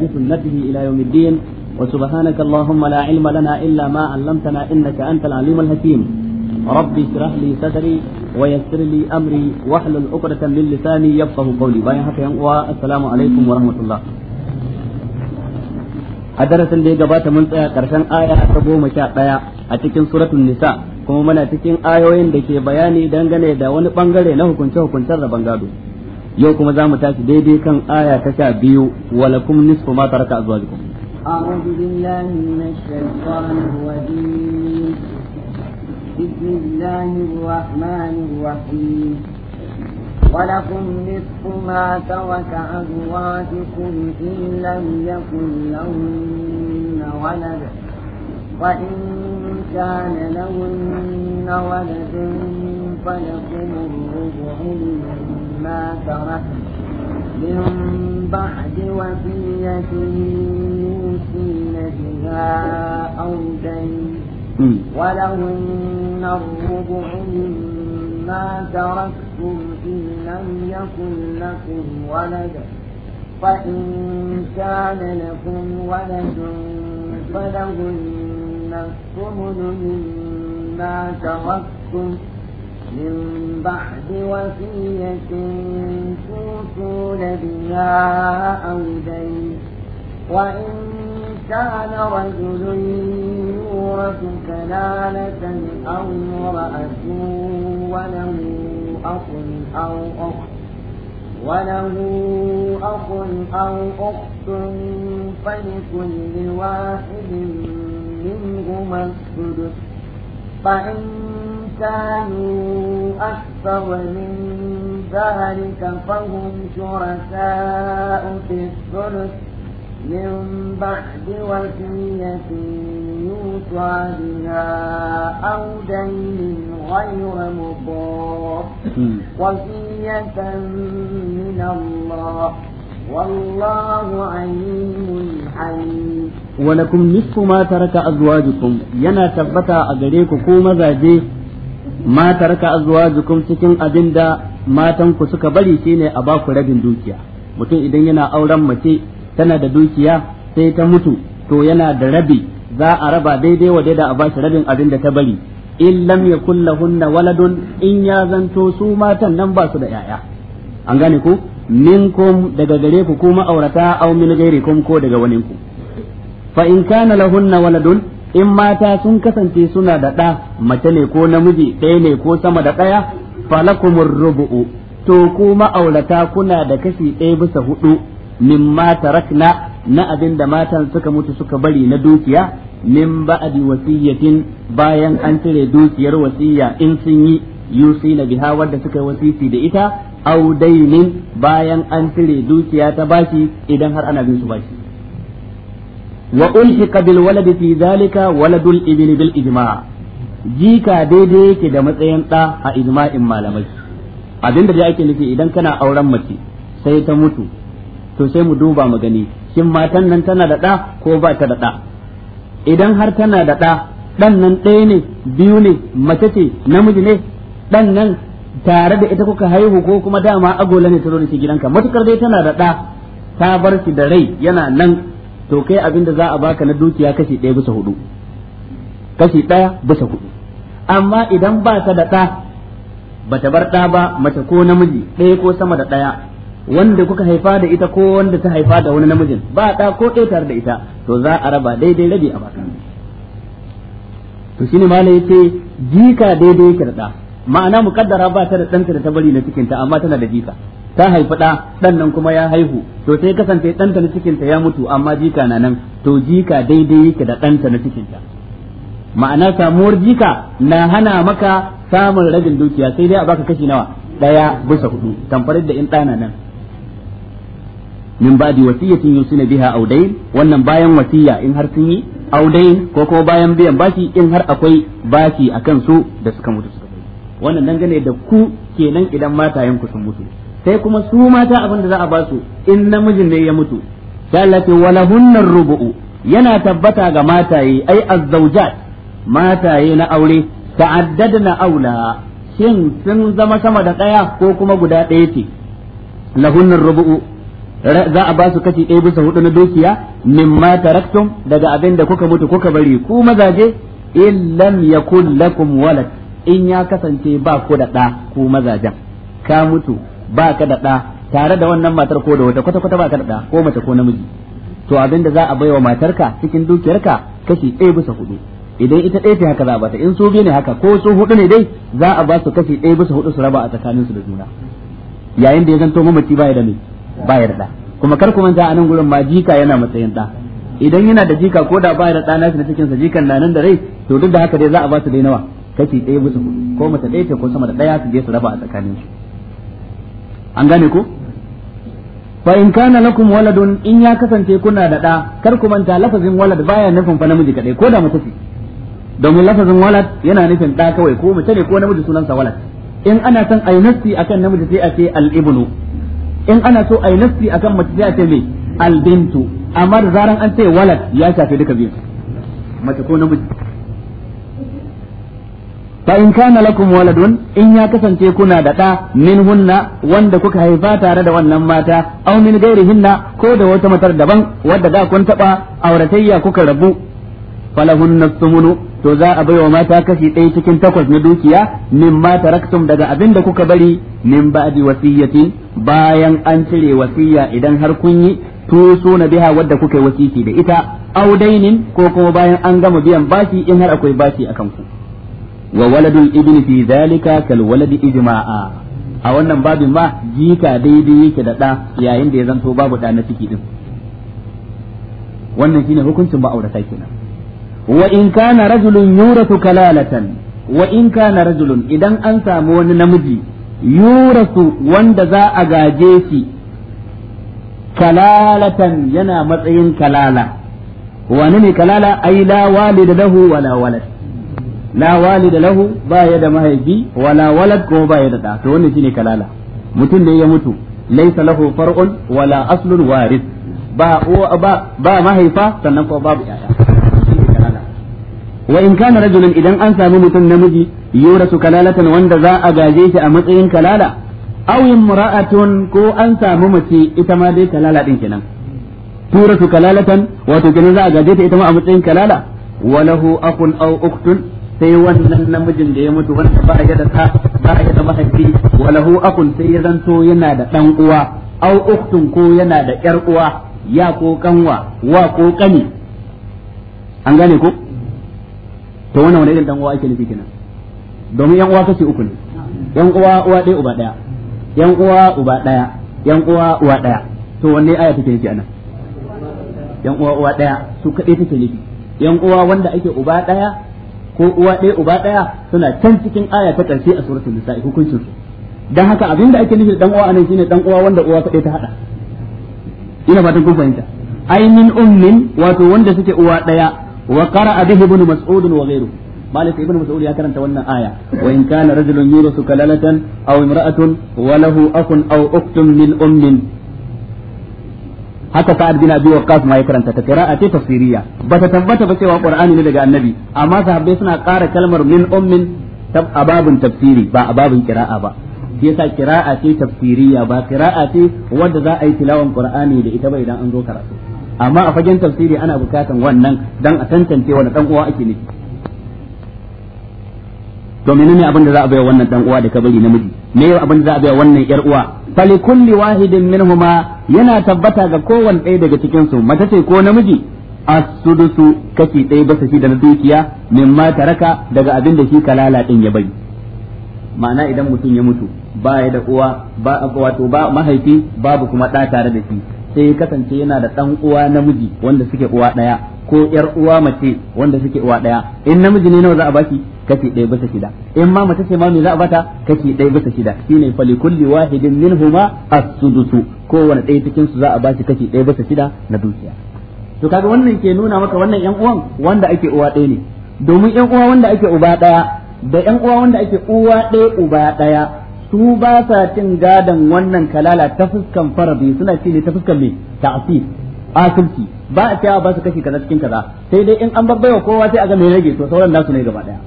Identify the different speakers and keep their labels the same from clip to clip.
Speaker 1: بسنته إلى يوم الدين وسبحانك اللهم لا علم لنا إلا ما علمتنا إنك أنت العليم الحكيم ربي اشرح لي صدري ويسر لي أمري واحلل عقدة من لساني يفقه قولي باين حكيم والسلام عليكم ورحمة الله a darasin da ya gabata mun tsaya karshen aya ta goma sha ɗaya a cikin suratun nisa kuma muna cikin ayoyin da ke bayani dangane da wani ɓangare na hukunce hukuncen rabon gado yau kuma za mu tashi daidai kan aya ta sha biyu wala kum nisfu ma taraka azwajukum
Speaker 2: a'udhu billahi minash shaitanir rajim bismillahi rahmanir rahim ولكم نصف ما ترك أزواجكم إن لم يكن لهن ولد وإن كان لهن ولد فلكم الرجوع منهن مما ترك من بعد وصية يوصين بها أو دين ولهن الربع مما تركتم إن لم يكن لكم ولد فإن كان لكم ولد فلهن الثمن مما تركتم من بعد وصية توصون بها أو دين وإن كان رجل يورث كلالة أو امرأة وله أخ أو أخت وله أخ أو أخت فلكل واحد منهما السدس فإن كانوا أكثر من ذلك فهم شركاء في الثلث من بعد وصية يوصى بها أو دين غير مضار وصية من الله والله عليم حليم
Speaker 1: ولكم نصف ما ترك أزواجكم ينا تبتا أدريك كوما زاجيه ma taraka azwajukum cikin abinda matan ku suka bari shine a baku rabin dukiya mutum idan yana auren mace tana da dukiya sai ta mutu to yana da rabi za a raba daidai wa daida a bashi rabin abin da ta bari in lam yakul lahunna waladun in ya zanto su matan nan ba su da yaya an gane ku minkum daga gare ku kuma aurata aw min gairikum ko daga waninku fa in kana lahunna waladun in mata sun kasance suna da ɗa mace ne ko namiji ɗaya ne ko sama da ɗaya falakumur rubu'u to ku ma'aurata kuna da kashi ɗaya bisa hudu mata rakna na abin da matan suka mutu suka bari na dukiya min ba'adi wasiyyatin bayan an cire dukiyar wasiya in sun yi yusi na biha wadda suka yi wasisi da ita audainin dainin bayan an cire dukiya ta bashi idan har ana bin su bashi wa ulhiqa bil waladi fi zalika waladul ibni bil ijma' jika daidai yake da matsayin da a ijma'in malamai abinda da ake nufi idan kana auren mace sai ta mutu to sai mu duba mu gani shin matan nan tana da ɗa ko ba ta da ɗa idan har tana da ɗa ɗan nan ɗaya ne biyu ne mace ce namiji ne ɗan nan tare da ita kuka haihu ko kuma dama agola ne ta zo shi gidanka matukar dai tana da ɗa ta bar shi da rai yana nan to kai abin da za a baka na dukiya kashi ɗaya bisa hudu kashi ɗaya bisa hudu amma idan ba ta da ɗa ba ta bar ɗa ba mace ko namiji ɗaya ko sama da ɗaya wanda kuka haifa da ita ko wanda ta haifa da wani namijin ba ɗa ko ɗaya tare da ita to za a raba daidai rabi a baka to shi ne malai ce jika daidai yake da ɗa ma'ana mukaddara ba ta da ɗanta da ta bari na cikinta amma tana da jika ta haifi ɗa ɗan nan kuma ya haihu to sai kasance ɗanta na cikinta ya mutu amma jika na nan to jika daidai yake da ɗanta na cikinta ma'ana samuwar jika na hana maka samun ragin dukiya sai dai a baka kashi nawa ɗaya bisa hudu tamfar da in ɗana nan min ba'di wasiyatin yusina biha audain wannan bayan wasiya in har sun yi audain ko kuma bayan biyan baki in har akwai baki akan su da suka mutu suka wannan dangane da ku kenan idan matayen ku sun mutu sai kuma su mata abin da za a ba su in namijin ne ya mutu sai Allah ce rubu'u yana tabbata ga mataye ai azzawjat mataye na aure ta'addadna aula shin sun zama sama da daya ko kuma guda daya ce lahunnar rubu'u za a ba su kashi ɗaya bisa hudu na dukiya mimma taraktum daga abin da kuka mutu kuka bari ku mazaje in lam yakul lakum walad in ya kasance ba ku da ɗa ku mazajen ka mutu ba ka da ɗa tare da wannan matar ko da wata kwata kwata ba ka da ɗa ko mace ko namiji to abin da za a baiwa matarka cikin dukiyarka kashi ɗaya bisa hudu idan ita ɗaya ce haka za a bata in su biyu ne haka ko su hudu ne dai za a ba su kashi ɗaya bisa hudu su raba a tsakaninsu da juna yayin da ya zanto mamaci ba ya da ba ya da ɗa kuma kar ku manta a nan gurin ma jika yana matsayin ɗa idan yana da jika ko da ba ya da ɗa shi na cikin sa jikan na nan da rai to duk da haka dai za a ba su dai nawa kashi ɗaya bisa hudu ko mace ɗaya ce ko sama da ɗaya su je su raba a su an gane ko fa in kana lakum waladun in ya kasance kuna da da kar ku manta lafazin walad baya nufin fa namiji kadai ko da mace ce domin lafazin walad yana nufin da kawai ko mace ne ko namiji sunansa walad in ana son ayi nasti akan namiji sai a ce al ibnu in ana so ayi nasti akan mace sai a ce me al bintu amma da zaran an ce walad ya shafe duka biyu mace ko namiji fa in kana lakum waladun in ya kasance kuna da ɗa min hunna wanda kuka haifa tare da wannan mata aw min hinna ko da wata matar daban wadda da kun taba auratayya kuka rabu falahunna sumunu to za a baiwa mata kashi ɗaya cikin takwas na dukiya min mata taraktum daga abin da kuka bari min ba'di wasiyyati bayan an cire wasiyya idan har kun yi tuso na biha wadda kuka yi wasiki da ita audainin ko kuma bayan an gama biyan bashi in har akwai bashi akan ku wa waladul ibni fi zalika waladi a wannan babin ma jika daidai yake da ɗa yayin da ya zanto babu ɗa na ciki din wannan shine hukuncin ma'aurata kenan wa in kana rajulun yuratu kalalatan wa in kana rajulun idan an samu wani namiji yurasu wanda za a gaje shi kalalatan yana matsayin kalala wani ne kalala ai la walida lahu wala walad la walida lahu ba ya da mahaifi wala walad ko ba ya da da to wannan shine kalala mutum ne ya mutu laysa lahu far'un wala aslun waris ba ba ba mahaifa sannan ko babu yaya wa in kana rajulun idan an samu mutum namiji yurasu kalalatan wanda za a gaje shi a matsayin kalala aw imra'atun ko an samu mace ita ma dai kalala din kenan turasu kalalatan wato kenan za a gaje ta ita ma a matsayin kalala walahu akun aw uktun sai wannan namijin da ya mutu wanda ba ya da ta ba ya da mahaifi walahu akun sai ya zanto yana da dan uwa au uktun ko yana da yar uwa ya ko kanwa wa ko kani an gane ko to wannan wani irin dan uwa ake nufi kenan domin yan uwa kace uku ne yan uwa uwa ɗaya uba ɗaya yan uwa uba ɗaya yan uwa uwa ɗaya to wanne aya take nufi anan yan uwa uwa ɗaya su kaɗai take nufi yan uwa wanda ake uba ɗaya ko uwa ɗaya uba ɗaya suna can cikin aya ta ƙarshe a suratul nisa'i hukuncin su dan haka abin da ake nufi da dan uwa anan shine dan uwa wanda uwa kaɗai ta hada ina fatan kun fahimta ainihin ummin wato wanda suke uwa ɗaya wa qara'a bihi ibn mas'ud wa ghayruhu مالك ya karanta wannan aya. ولنا آية yi كان رجل يورث كلالة أو wa lahu أخ أو uktun min ummin. haka sa'ad bin abi waqas ma ya karanta ta qira'a ce tafsiriya bata tabbata ba cewa qur'ani ne daga annabi amma sahabbai suna ƙara kalmar min ummin a ababun tafsiri ba a qira'a ba shi yasa qira'a ce tafsiriyya ba qira'a ce wanda za a yi tilawan qur'ani da ita ba idan an zo karatu amma a fagen tafsiri ana bukatan wannan dan a tantance wani dan uwa ake nufi to menene abin da za a baiwa wannan dan uwa da ka bari namiji me yau abin da za a baiwa wannan yar uwa fali kulli wahidin minhuma yana tabbata ga kowanne ɗaya daga cikin su mace ce ko namiji asudusu sudusu kashi ɗaya bisa da na dukiya mimma taraka daga abin da shi kalala din ya bari ma'ana idan mutum ya mutu ba ya da uwa ba wato ba mahaifi babu kuma ɗa tare da shi sai kasance yana da ɗan uwa namiji wanda suke uwa ɗaya ko ƴar uwa mace wanda suke uwa ɗaya in namiji ne nawa za a baki kashi ɗaya bisa shida in ma mace ce ma me za a bata kashi ɗaya bisa shida shine fali kulli wahidin minhuma as-sudusu kowanne ɗaya cikin su za a bashi kashi ɗaya bisa shida na dukiya to kaga wannan ke nuna maka wannan yan uwan wanda ake uwa ɗaya ne domin yan uwa wanda ake uba ɗaya da yan uwa wanda ake uwa ɗaya uba ɗaya su ba sa cin gadon wannan kalala ta fuskan farabi suna ci ne ta fuskan me ta'sif asirki ba a cewa ba su kashi kaza cikin kaza sai dai in an babbaiwa kowa sai a ga mai rage to sauran nasu ne gaba daya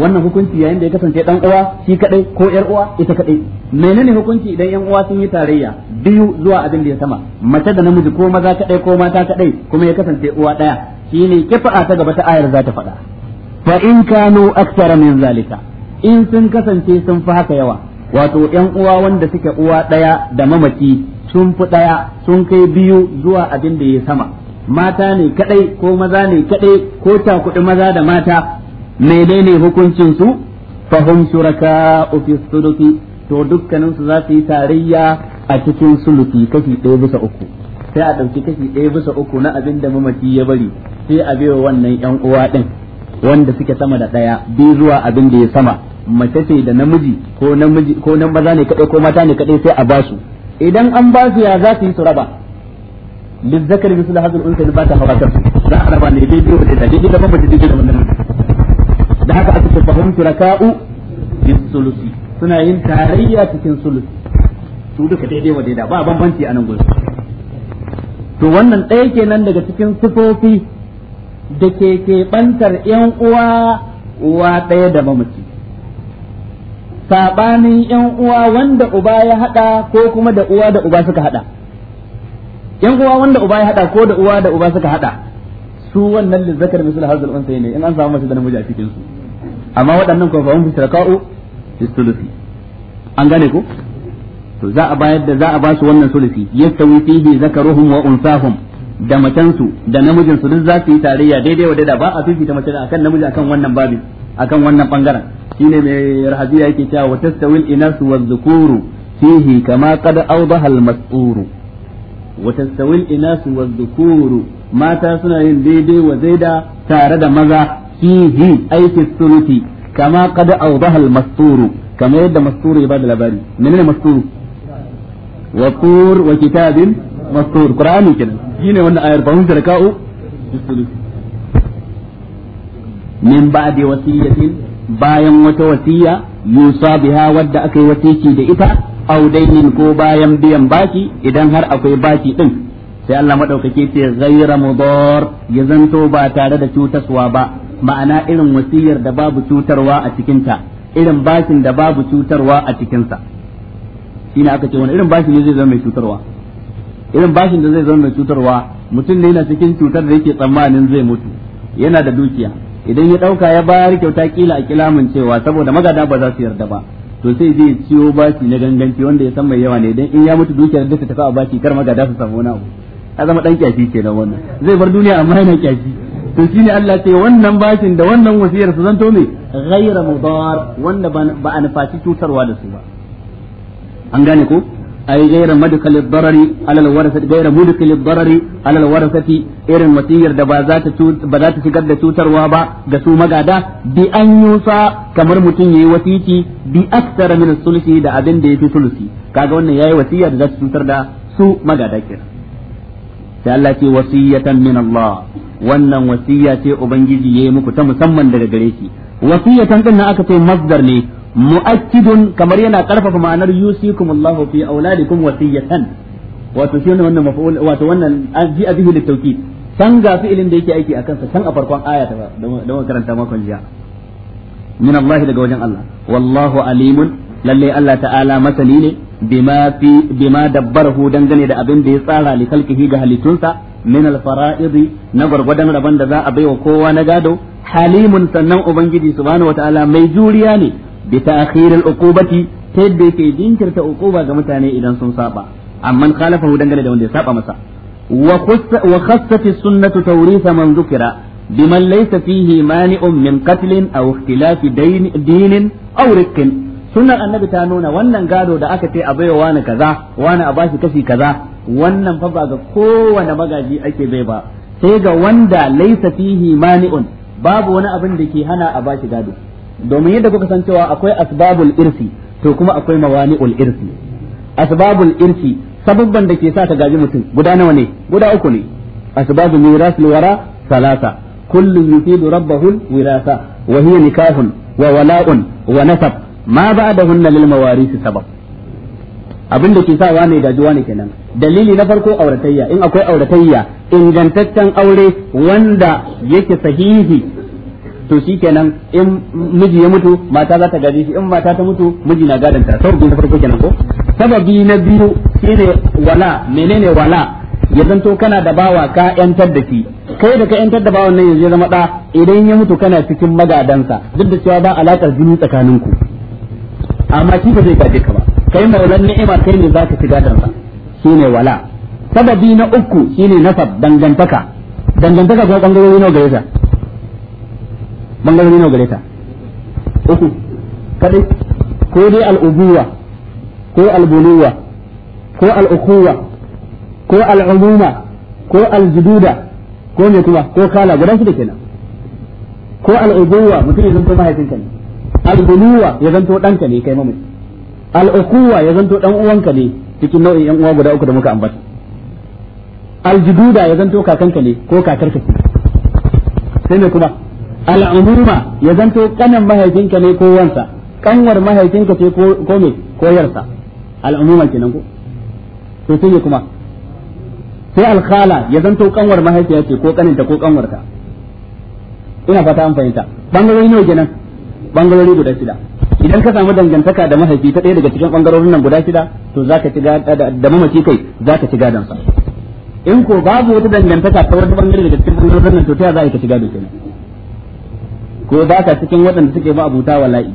Speaker 1: wannan hukunci yayin da ya kasance dan uwa shi kadai ko yar uwa ita kadai menene hukunci idan yan uwa sun yi tarayya biyu zuwa abin da ya sama mace da namiji ko maza kadai ko mata kadai kuma ya kasance uwa ɗaya? daya shine kifa ta gaba ta ayar za ta faɗa fa in kanu aktsara min zalika in sun kasance sun fi haka yawa wato yan uwa wanda suke uwa ɗaya da mamaki sun fi ɗaya sun kai biyu zuwa abin da ya sama mata ne kadai ko maza ne kadai ko ta kuɗi maza da mata menene hukuncin su fa hum shuraka'u fi sulusi to dukkaninsu za su yi tarayya a cikin sulusi kashi ɗaya bisa uku sai a ɗauki kashi ɗaya bisa uku na abin da mamaci ya bari sai a biyo wannan yan uwa ɗin wanda suke sama da ɗaya bi zuwa abin da ya sama mace ce da namiji ko namiji ko nan maza ne kadai ko mata ne kadai sai a basu idan an basu ya za su yi su raba lizzakar da hazul unsa ba ta hawa ta za a raba ne dai biyu da dai da mamaci dai da wannan da haka aka ce fahim shuraka'u
Speaker 3: bis sulusi
Speaker 1: suna yin tarayya cikin sulusi su duka daidai wa daida ba bambanci a nan gurin to wannan ɗaya kenan daga cikin sifofi da ke keɓantar ‘yan uwa uwa ɗaya da mamaci saɓanin ‘yan uwa wanda uba ya haɗa ko kuma da uwa da uba suka haɗa ‘yan uwa wanda uba ya haɗa ko da uwa da uba suka haɗa su wannan lizzakar misal hazal unsa ne in an samu mace da namiji a cikin su amma waɗannan ko fa su shiraka'u fi an gane ku. to za a bayar da za a ba su wannan sulusi yastawi fihi zakaruhum wa unsahum da matansu da namijinsu duk za su yi tarayya daidai wa daidai ba a fifita mace akan namiji akan wannan babin akan wannan bangaren shine mai rahabiya yake cewa wa tastawil inasu wa dhukuru fihi kama qad awdaha al mas'uru wa tastawil inasu wa dhukuru mata suna yin daidai wa daida tare da maza fihi ay fi thuluthi kama qad awdaha al kama yadda mastur ya bada labari menene wa tur wa kitabin mastur qur'ani kenan shine wannan ayar bahun zarka'u thuluthi min ba'di bayan wata wasiya yusa biha wadda aka yi wasiki da ita au dainin ko bayan biyan baki idan har akwai baki ɗin sai Allah madaukake ce ghaira mudar ya zanto ba tare da cutaswa ba ma'ana irin wasiyar da babu cutarwa a cikinta irin bashin da babu cutarwa a cikinsa ne aka ce wani irin bashin ne zai zama mai cutarwa irin bashin da zai zama mai cutarwa mutum ne yana cikin cutar da yake tsammanin zai mutu yana da dukiya idan ya dauka ya bayar kyauta kila a kilamin cewa saboda magada ba za su yarda ba to sai zai ciwo bashi na ganganci wanda ya san mai yawa ne idan in ya mutu dukiyar duka ta kawo bashi kar magada su samu wani abu a zama dan kyashi kenan wannan zai bar duniya amma yana kyashi to shine Allah ce wannan bashin da wannan wasiyar su zanto ne ghayra mudar wanda ba a nufaci cutarwa da su ba an gane ko ay ghayra madkhal ad-darar ala al-warasati ghayra madkhal ad-darar ala al-warasati irin wasiyar da ba za ta ba za ta shigar da cutarwa ba ga su magada bi an yusa kamar mutum yayi wasiki bi aktsara min sulusi da abin da yafi sulusi kaga wannan yayi wasiyar da za ta cutar da su magada kenan sai Allah ce wasiyatan min Allah wannan wasiyya ce ubangiji yayi muku ta musamman daga gare shi wasiyatan din nan aka ce masdar ne mu'akkidun kamar yana karfafa ma'anar yusikum Allah fi auladikum wasiyatan wato shi wannan maf'ul wato wannan ji abihi litawkid san ga fi'ilin da yake aiki akan sa san a farkon aya ta da karanta makon jiya min Allah daga wajen Allah wallahu alimun lalle Allah ta'ala masani ne bima fi bima dangane da abin da ya tsara li ga halittunsa min al fara'id na gurgurdan rabon da za a baiwa kowa na gado halimun sannan ubangiji subhanahu wataala mai juriya ne bi ta'khir al uqubati ta yadda yake jinkirta uquba ga mutane idan sun saba amma khalafahu dangane da wanda ya saba masa wa khassat sunnatu tawritha man dhukira biman laysa fihi mani'un min qatlin aw ikhtilafi din aw riqqin sunan annabi ta nuna wannan gado da aka ce a baiwa wani kaza wani a bashi kashi kaza wannan fa ba ga kowane magaji ake bai ba sai ga wanda laisa fihi mani'un babu wani abin da ke hana a bashi gado domin yadda kuka san cewa akwai asbabul irsi to kuma akwai mawani'ul irsi asbabul irsi sababban da ke sa ka gaji mutum guda nawa ne guda uku ne asbabul mirasil wara salasa kullu yufidu rabbahul wirasa wa hiya nikahun wa wala'un wa nasab ma ba'dahunna lil mawarisi sabab abin da ke sa wane gaji wani kenan dalili na farko auratayya in akwai auratayya ingantaccen aure wanda yake sahihi to shi kenan in miji ya mutu mata za ta gaji shi in mata ta mutu miji na gadon ta sababi na farko kenan ko sababi na biyu shine wala menene wala ya zanto kana da bawa ka yantar da shi kai da ka yantar da bawan nan yanzu ya zama da idan ya mutu kana cikin magadansa duk da cewa ba alakar jini tsakaninku amma shi ba zai gaje ka ba kai maulan ni'ima kai ne zaka shiga dan sa shine wala sababi na uku shine nasab dangantaka dangantaka ko bangarori nawa gare ta bangarori nawa gare ta uku kadai ko dai al'ubuwa ko albuluwa ko al'ukhuwa ko al'umuma ko aljududa ko me kuma ko kala guda su da kenan ko al'ubuwa mutum ya zanto mahaifinka ne al-buluwa ya zanto danka ne kai mamaci al-ukuwa ya zanto dan uwanka ne cikin nau'in yan uwa guda uku da muka ambata al-jududa ya zanto kakanka ne ko kakarka ce sai me kuma al-umuma ya zanto kanan mahaifinka ne ko wansa kanwar mahaifinka ce ko ko me ko yarsa al-umuma kenan ko to sai me kuma sai al-khala ya zanto kanwar mahaifiya ce ko kaninta ko kanwarka ina fata an fahimta bangarori nawa kenan bangarori guda shida idan ka samu dangantaka da mahaifi ta ɗaya daga cikin bangarorin nan guda shida to za ka ci da mamaci kai za ka ci gadon sa in ko babu wata dangantaka ta wani bangare daga cikin bangarorin nan to ta za a yi ka ci gadon kenan ko ba ka cikin waɗanda suke ba abuta wala'i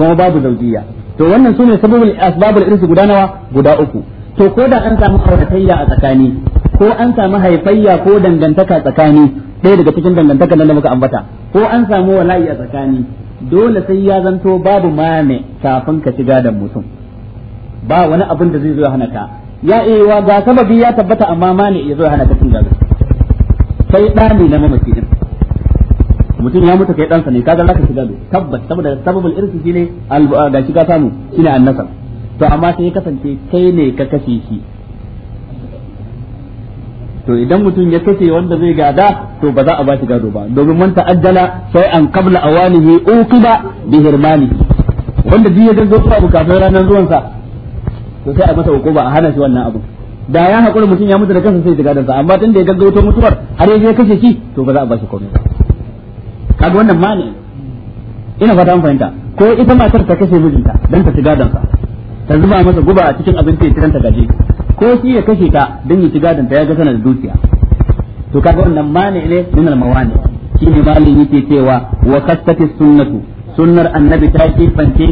Speaker 1: kuma babu zaujiya to wannan sune sababul asbabul irsi guda nawa guda uku to ko da an samu auratayya a tsakani ko an samu haifayya ko dangantaka tsakani ɗaya daga cikin dangantaka nan da muka ambata ko an samu wala'i a tsakani dole sai ya zanto babu mane kafin ka shiga da mutum ba wani abin da zai zo hana ka ya wa ga sababi ya tabbata amma mane ya zo hana ka cin gado sai dani na mamaci din mutum ya mutu kai ɗansa ne kaga zaka shiga do tabbata saboda sababul irsi shine ga shiga samu shine annasa to amma sai ya kasance kai ne ka kashe shi to idan mutum ya kace wanda zai gada to ba za a ba shi gado ba domin man ta'ajjala sai an qabla awanihi uqiba bi hirmani wanda duk ya dango abu kafin ranar zuwan sa to sai a masa hukuma a hana shi wannan abu da ya hakuri mutum ya mutu da kansa sai shiga sa amma tunda ya gaggauto mutuwar har ya kashe shi to ba za a ba shi komai ba kaga wannan mani ina fata an fahimta ko ita matar ta kashe mijinta dan ta shiga sa ta zuba masa guba a cikin abinci ya tiranta gaje ko shi ya kashe ta don yi ci ta ya ga sana dukiya to kaga wannan mani ne min al mawani shi ne malin yake cewa wa kasati sunnatu sunnar annabi ta ki fanke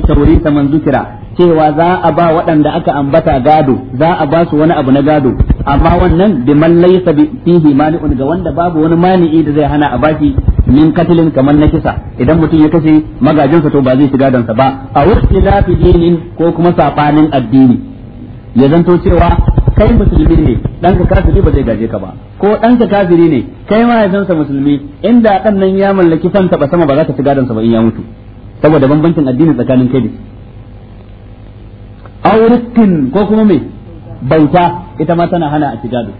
Speaker 1: ta man zukira cewa za a ba waɗanda aka ambata gado za a ba su wani abu na gado amma wannan bi man laysa fihi mani'un ga wanda babu wani mani'i da zai hana a baki min katilin kamar na kisa idan mutum ya kashe magajinsa to ba zai shiga dansa ba a wasu dinin ko kuma sabanin addini ya zanto cewa kai musulmi ne ka kafiri ba zai gaje ka ba ko ka kafiri ne kai ma ya zanta musulmi inda ɗan nan ya mallaki fanta ba sama ba za ka ci gadonsa ba in ya mutu saboda bambancin addini tsakanin kai da ko kuma me bauta ita ma tana hana a ci gado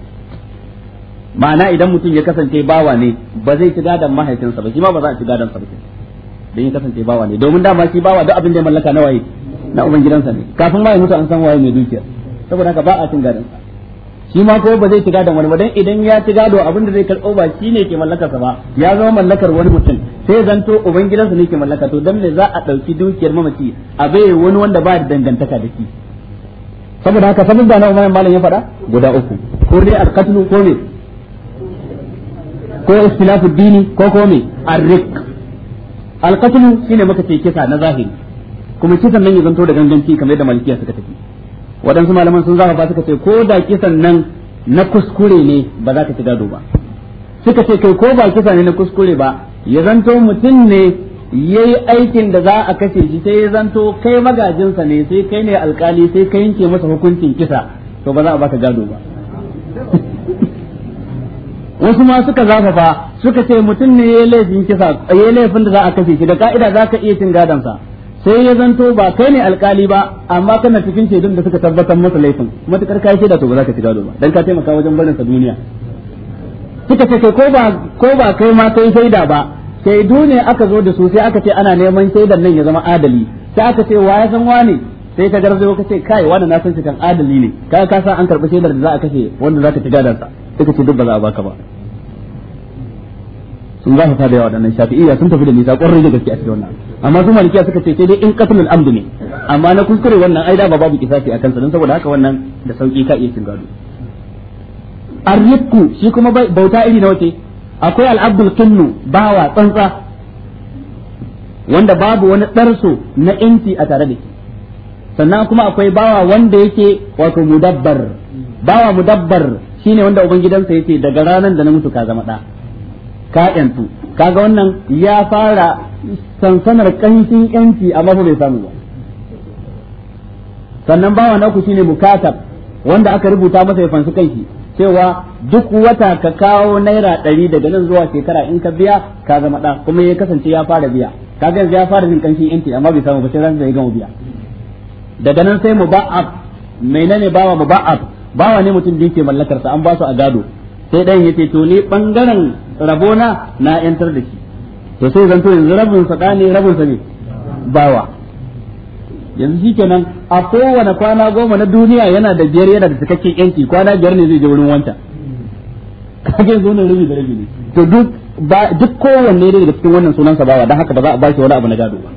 Speaker 1: ma'ana idan mutum ya kasance bawa ne ba zai ci gadon mahaifinsa ba shi ma ba za a ci dan sa ba dan ya kasance bawa ne domin dama shi bawa duk abin da ya mallaka na waye na uban gidansa ne kafin ma ya mutu an san waye mai dukiyar saboda haka ba a cin gadon sa shi ma ko ba zai ci gadon wani ba dan idan ya ci gado abin da zai karɓo ba shine ke mallaka sa ba ya zama mallakar wani mutum sai zanto uban gidansa ne ke mallaka to dan ne za a ɗauki dukiyar mamaci a bai wani wanda ba da dangantaka da shi saboda haka sabin da na umar malam ya faɗa guda uku ko dai alqatlu ko ne ko istilafu dini ko ko me arrik alqatlu shine muka ce kisa na zahiri kuma kisan nan ya zanto da ganganci kamar yadda malikiya suka tafi waɗansu malaman sun zafafa suka ce ko da kisan nan na kuskure ne ba za ka ci gado ba suka ce kai ko ba kisa ne na kuskure ba ya zanto mutum ne ya yi aikin da za a kashe shi sai ya zanto kai magajinsa ne sai kai ne alkali sai ka yanke masa hukuncin kisa to ba za a baka gado ba wasu ma suka zafafa suka ce mutum ne ya laifin kisa ya laifin da za a kashe shi da ka'ida za ka iya cin gadonsa sai ya zanto ba kai ne alkali ba amma kana cikin shedun da suka tabbatar masa laifin matukar kai shaida to ba za ka ci gado ba dan ka taimaka wajen barin sa duniya suka ce ko ba ko ba kai ma kai shaida ba shaidu ne aka zo da su sai aka ce ana neman shaidan nan ya zama adali sai aka ce wa ya san wani sai ka garzo ka ce kai wanda na san shi kan adali ne ka ka sa an karɓi shaidar da za a kashe wanda za ka ci gadar sa suka ce duk ba za a baka ba sun za su sa da yawa waɗannan shafi'iyya sun tafi da nisa ƙwarai da gaske a cikin wannan amma su malikiya suka ce sai dai in qatl al ne amma na kuskure wannan ai da ba babu kisasi akan sa don saboda haka wannan da sauki ka iya cin gado arriku shi kuma bauta iri na wace akwai al'abdul kinnu bawa tsantsa wanda babu wani ɗarso na inti a tare da shi sannan kuma akwai bawa wanda yake wato mudabbar bawa mudabbar shine wanda ubangidansa yace daga ranar da na mutu ka zama ɗa ka yantu kaga wannan ya fara sansanar kancin yanci amma ba bai samu ba sannan bawa na ku shine bukatar wanda aka rubuta masa ya fansu kanki cewa duk wata ka kawo naira ɗari daga nan zuwa shekara in ka biya ka zama ɗa kuma ya kasance ya fara biya kaga yanzu ya fara jin kanshin yanci amma bai samu ba sai ran da ya gama biya daga nan sai mu muba'ab menene bawa mu muba'ab bawa ne mutum da yake mallakar sa an ba su a gado sai dan yace to ni bangaren rabona na yantar da shi to sai zanto yanzu rabin sa ɗani rabin sa ne bawa yanzu shikenan a kowane kwana goma na duniya yana da biyar yana da cikakken yanki kwana biyar ne zai je wurin wancan kage zo wannan rabi da rabi ne to duk ba duk kowanne daga cikin wannan sunansa bawa dan haka ba za a bashi wani abu na gado ba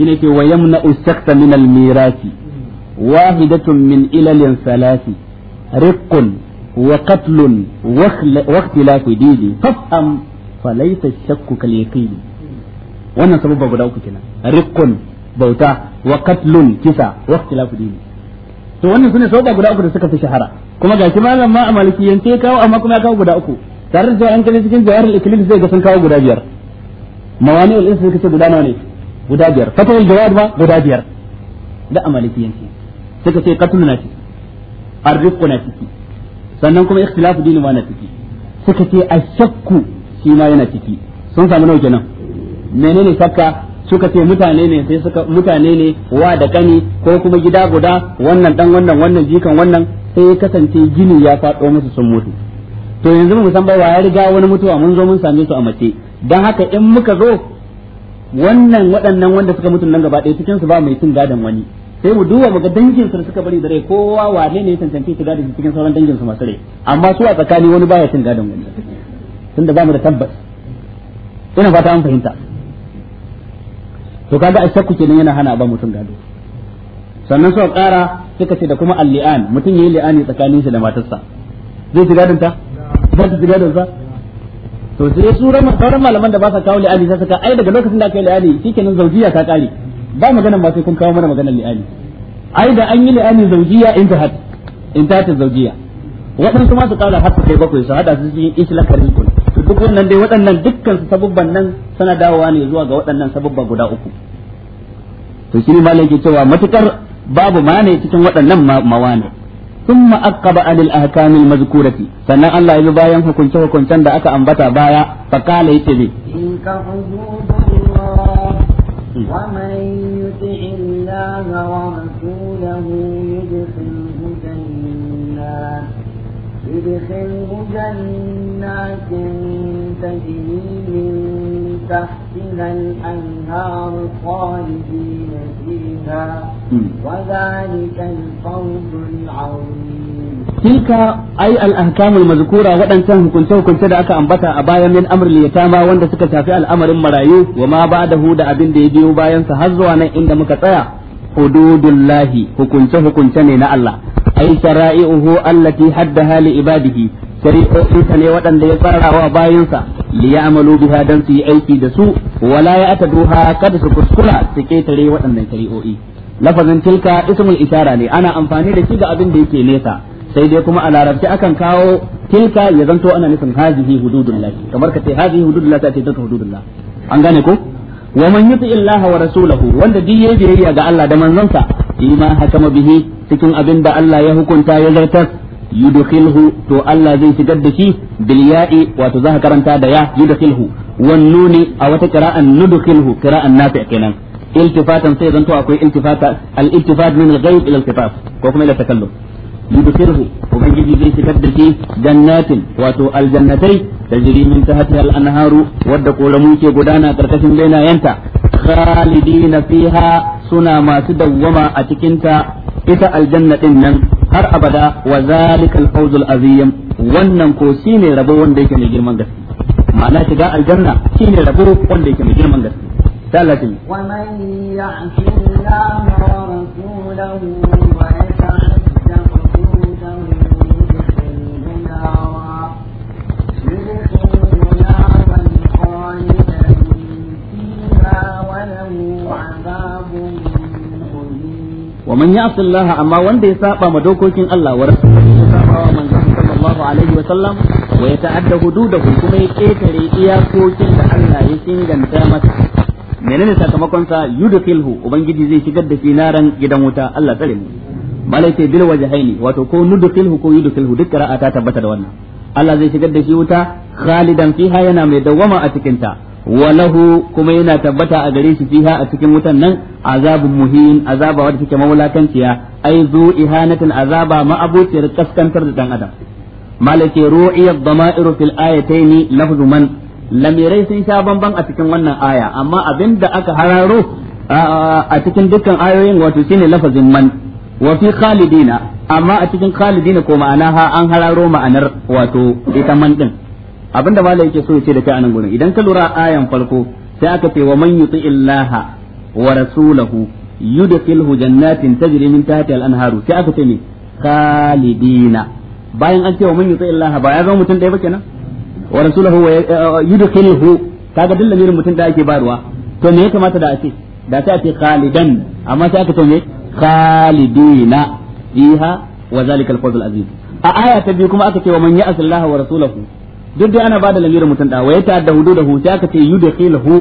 Speaker 1: ina ce wa yamna usakta min al mirasi wahidatun min ilalin salasi riqqun wa qatlun wa ikhtilafu dini fafham fa shakku kal yaqini wannan sababba guda uku kenan rikkun bauta wa katlun kisa wa ikhtilafu dini to wannan sune sababba guda uku da suka fi shahara kuma ga shi malam ma amaliki yanke kawo amma kuma ya kawo guda uku tare da an kalli cikin jawarul iklim zai ga sun kawo guda biyar mawani'ul ins kace guda nawa ne guda biyar fatul jawad ma guda biyar da amaliki yanke suka ce katlun na ciki arriqu na ciki sannan kuma ikhtilafu dini ma na ciki suka ce ashakku shi ma yana ciki sun samu nawa kenan menene shakka suka ce mutane ne sai suka mutane ne wa da kani ko kuma gida guda wannan dan wannan wannan jikan wannan sai ya kasance gini ya faɗo musu sun mutu to yanzu mu san bai ya riga wani mutuwa mun zo mun same su a mace dan haka in muka zo wannan waɗannan wanda suka mutu nan gaba ɗaya cikin su ba mai cin gadon wani sai mu duba mu ga dangin su suka bari da rai kowa wane ne ya tantance shi gadon cikin sauran dangin su masu rai amma su a tsakani wani baya cin gadon wani tunda ba mu da tabbas ina fata an fahimta to kaga a shakku kenan yana hana ba mutum gado sannan suka kara suka ce da kuma al-li'an mutum yayi li'ani tsakanin shi da matarsa zai gadin ta za ta gadin sa to sai su sauran malaman da ba sa kawo li'ani sai suka ai daga lokacin da aka yi li'ani shikenan zaujiya ta kare ba magana ba sai kun kawo mana maganar li'ani ai da an yi li'ani zaujiya in had in ta zaujiya waɗansu ma su kawo har su kai bakwai su hada su cikin islakar rikon duk wannan dai waɗannan dukkan su sabubban nan suna dawowa ne zuwa ga waɗannan sabubba guda uku to shi malam yake cewa matukar babu mane cikin waɗannan mawane ثم أقب عن الأحكام المذكورة sannan الله إذا بايان حكم شو حكم شند أكا أنبتا بايا فقال يتبي
Speaker 2: تلك حدود الله ومن يطع يدخله جنات تجري من تحتها الأنهار خالدين فيها وذلك الفوز العظيم
Speaker 1: تلك أي الأحكام المذكورة وأن تهم كنت كنت دعك أنبتا أبايا من أمر اليتامى وأن سكت في الأمر مرايو وما بعده دع بن ديبيو بايا سهزوانا عند مكتايا hududun lahi hukunce hukunce ne na Allah ay shara'i'uhu allati haddaha li ibadihi shari'o'insa ne waɗanda ya tsara wa bayansa li ya'malu biha dan aiki da su wala ya duha kada su kuskura su ketare waɗannan shari'o'i lafazin tilka ismul isara ne ana amfani da shi ga abin da yake nesa sai dai kuma a larabci akan kawo tilka ya zanto ana nufin hazihi hududullah kamar ka ce hazihi hududullah ta ce ta hududullah an gane ko wa man yuti illaha rasulahu wanda duk biyayya ga Allah da manzonsa ima hakama bihi cikin abin da Allah ya hukunta ya zartar yudkhilhu to Allah zai shigar da shi bil ya'i wato za karanta da ya yudkhilhu wan nuni a wata qira'an nudkhilhu qira'an nafi kenan iltifatan sai zanto akwai iltifata al iltifat min al ghaib ila al kitab ko kuma ila takallum yudkhilhu ubangiji zai shigar da shi jannatin wato aljannatai tajri min tahtiha al anharu wadda koramu ke gudana karkashin bainayanta khalidina fiha suna masu dawwama a cikinta ita aljanna din nan har abada wa zalikal fawzul azim wannan ko shine rabo wanda yake mai girman gaske ma'ana shiga aljanna shine rabo wanda yake mai girman gaske sai Allah ya yi
Speaker 2: wa man ya'ti Allah wa rasulahu wa
Speaker 1: wa man ya'si Allah amma wanda ya saba ma dokokin Allah wa rasulihi saba wa manzon sallallahu alaihi wa sallam wa yata'adda hududahu kuma ya ketare iyakokin da Allah ya singanta masa menene sakamakon sa yudkhilhu ubangiji zai shigar da shi naran gidan wuta Allah tsare mu malaike bil wajhaini wato ko nudu Kilhu ko yudkhilhu duk qira'a ta tabbata da wannan Allah zai shigar da shi wuta khalidan fiha yana mai dawwama a cikin ta walahu kuma yana tabbata a gare shi fiha a cikin wutan nan azabin muhin azaba wadda take mawulakanciya ai zu ihanatin azaba ma abociyar kaskantar da dan adam malake ru'iyad dama'iru fil ayataini lafzu man lamirai sun sha bamban a cikin wannan aya amma abinda aka hararo a cikin dukkan ayoyin wato shine lafazin man wa khalidina amma a cikin khalidina ko ma'ana ha an hararo ma'anar wato ita man din abinda malai yake so ya ce da kai anan gurin idan ka lura ayan farko sai aka ce wa man yuti illaha wa rasulahu yudkhilhu jannatin tajri min tahtiha al-anharu sai aka ce ne khalidina bayan an ce wa man yuti illaha ba ya zama mutum ɗaya ba kenan wa rasulahu wa eh, eh, yudkhilhu kaga dalla mirin mutum da ake barwa to me ya kamata da a ce da sai a ce khalidan amma sai aka ce me khalidina fiha wa zalika al-fawz al-aziz a aya ta biyu kuma aka ce wa man ya'sil wa rasulahu duk dai ana ba da lamirin mutum ɗaya daya waya ta'adda hududahu sai aka ce yudu yudkhiluhu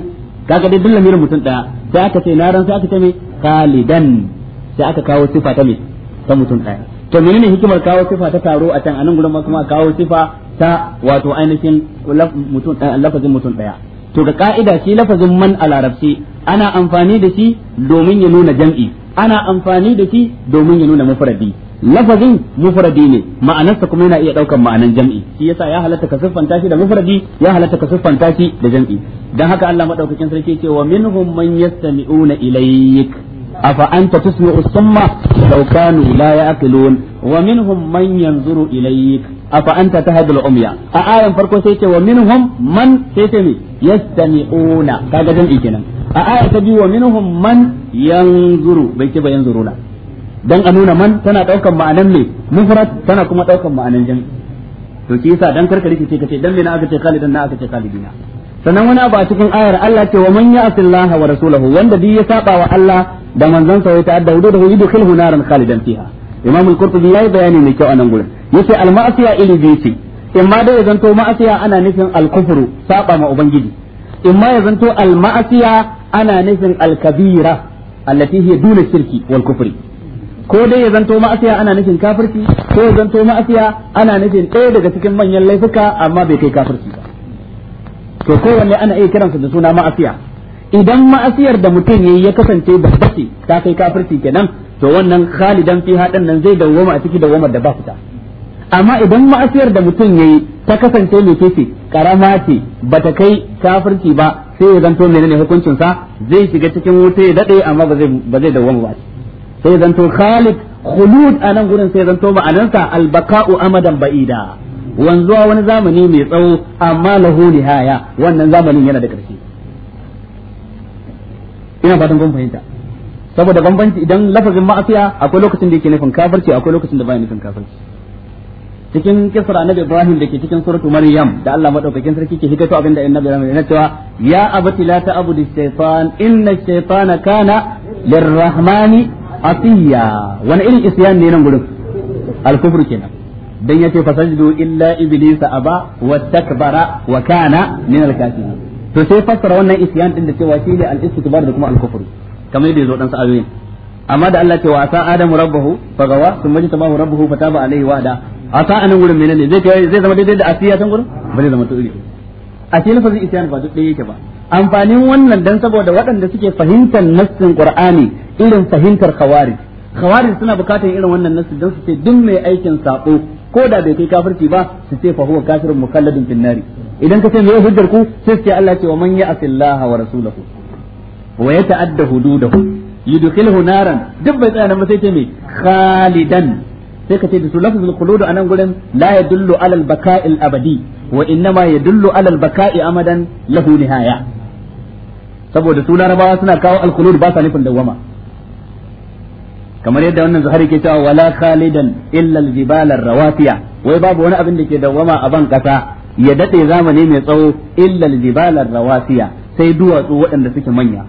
Speaker 1: kaga dai duk lamirin mutum ɗaya sai aka ce naran sai aka ce me khalidan sai aka kawo sifa ta me ta mutum ɗaya to menene hikimar kawo sifa ta taro a can anan gurin ma kuma kawo sifa ta wato ainihin mutum ɗaya lafazin mutum ɗaya to da ka'ida shi lafazin man a larabci ana amfani da shi domin ya nuna jam'i ana amfani da shi domin ya nuna mufradi lafazin mufradi ne ma'anarsa kuma yana iya daukan ma'anan jam'i shi yasa ya halatta ka siffanta shi da mufradi ya halatta ka siffanta shi da jam'i dan haka Allah madaukakin sarki ce wa minhum man yastami'una ilayk afa anta tusmi'u summa law kanu la ya'qilun wa minhum man yanzuru ilayk afa anta tahdul umya a ayan farko sai ce wa minhum man sai ce yastami'una kaga jam'i kenan a aya ta biyu wa minhum man yanzuru bai ce ba yanzuruna dan a nuna man tana daukan ma'anan me mufrad tana kuma daukan ma'anan jan to shi yasa dan karka rikice kace dan me na aka ce khalidan na aka ce khalidina sannan wani abu a cikin ayar Allah ce wa man ya'ti Allah wa rasulahu wanda duk ya saba wa Allah da manzon sa ya ta'adda hududahu yudkhilhu naran khalidan fiha Imam al-Qurtubi yayi bayani mai kyau anan nan gurin yace al-ma'asiya iri biyu ce imma da ya zanto ma'asiya ana nufin al-kufru saba ma ubangiji imma ya zanto al-ma'asiya ana nufin al-kabira allati hiya duna shirki wal kufri ko dai ya zanto ma'asiya ana nufin kafirci ko ya zanto ma'asiya ana nufin ɗaya daga cikin manyan laifuka amma bai kai kafirci ba to kowanne ana iya kiransa da suna ma'asiya idan ma'asiyar da mutum yayi ya kasance babba ta kai kafirci kenan to wannan khalidan fiha hadan nan zai dawwama a ciki dawwamar da ba fita amma idan ma'asiyar da mutum yayi ta kasance mai ce karama ce bata kai kafirci ba sai ya zanto menene hukuncinsa zai shiga cikin wuta ya daɗe amma ba zai ba zai dawwama ba sai zanto khalid khulud a nan gurin sai zanto ma'anarsa albaka'u amadan ba'ida wanzuwa wani zamani mai tsawo amma lahu nihaya wannan zamanin yana da ƙarshe ina fatan kun fahimta saboda bambanci idan lafazin ma'asiya akwai lokacin da yake nufin kafirci akwai lokacin da baya nufin kafirci cikin kisar annabi Ibrahim da ke cikin suratu Maryam da Allah madaukakin sarki ke hikato abin da annabi Ibrahim yana cewa ya abati la ta'budu shaytan inna shaytana kana lirrahmani atiya wani irin isyan ne nan gurin alkufur kenan dan yace fasajdu illa iblisa aba wa takbara wa kana min al to sai fassara wannan isyan din da cewa shi ne al-istikbar da kuma al-kufr kamar yadda yazo dan ayoyin amma da Allah ce wa sa adamu rabbahu fagawa sun maji tamahu rabbahu fataba alaihi wa da asa anan gurin menene zai zai zama daidai da asiya tan gurin ba zama to iri a ce lafazin isyan ba duk dai yake ba amfanin wannan dan saboda waɗanda suke fahimtar nassin qur'ani irin fahimtar khawarij khawarij suna bukatar irin wannan nassi dan su ce duk mai aikin sako ko da bai kai kafirci ba su ce fa huwa kafirun mukalladun fin nari idan ka ce me hujjar ku sai su ce Allah ce wa man ya'sillaha wa rasulahu wa yata'adda hududahu yudkhilhu naran duk bai tsaya nan ba sai ce me khalidan sai ka ce da su lafzul khulud anan gurin la yadullu alal baka'il abadi wa innama yadullu alal baka'i amadan lahu nihaya saboda su larabawa suna kawo alkhulud ba sa nufin dawwama kamar yadda wannan zuhari ke cewa wala khalidan illa aljibala rawatiya wai babu wani abin da ke dawwama a ban kasa ya dade zamani mai tsawo illa aljibala rawatiya sai duwatsu waɗanda suke manya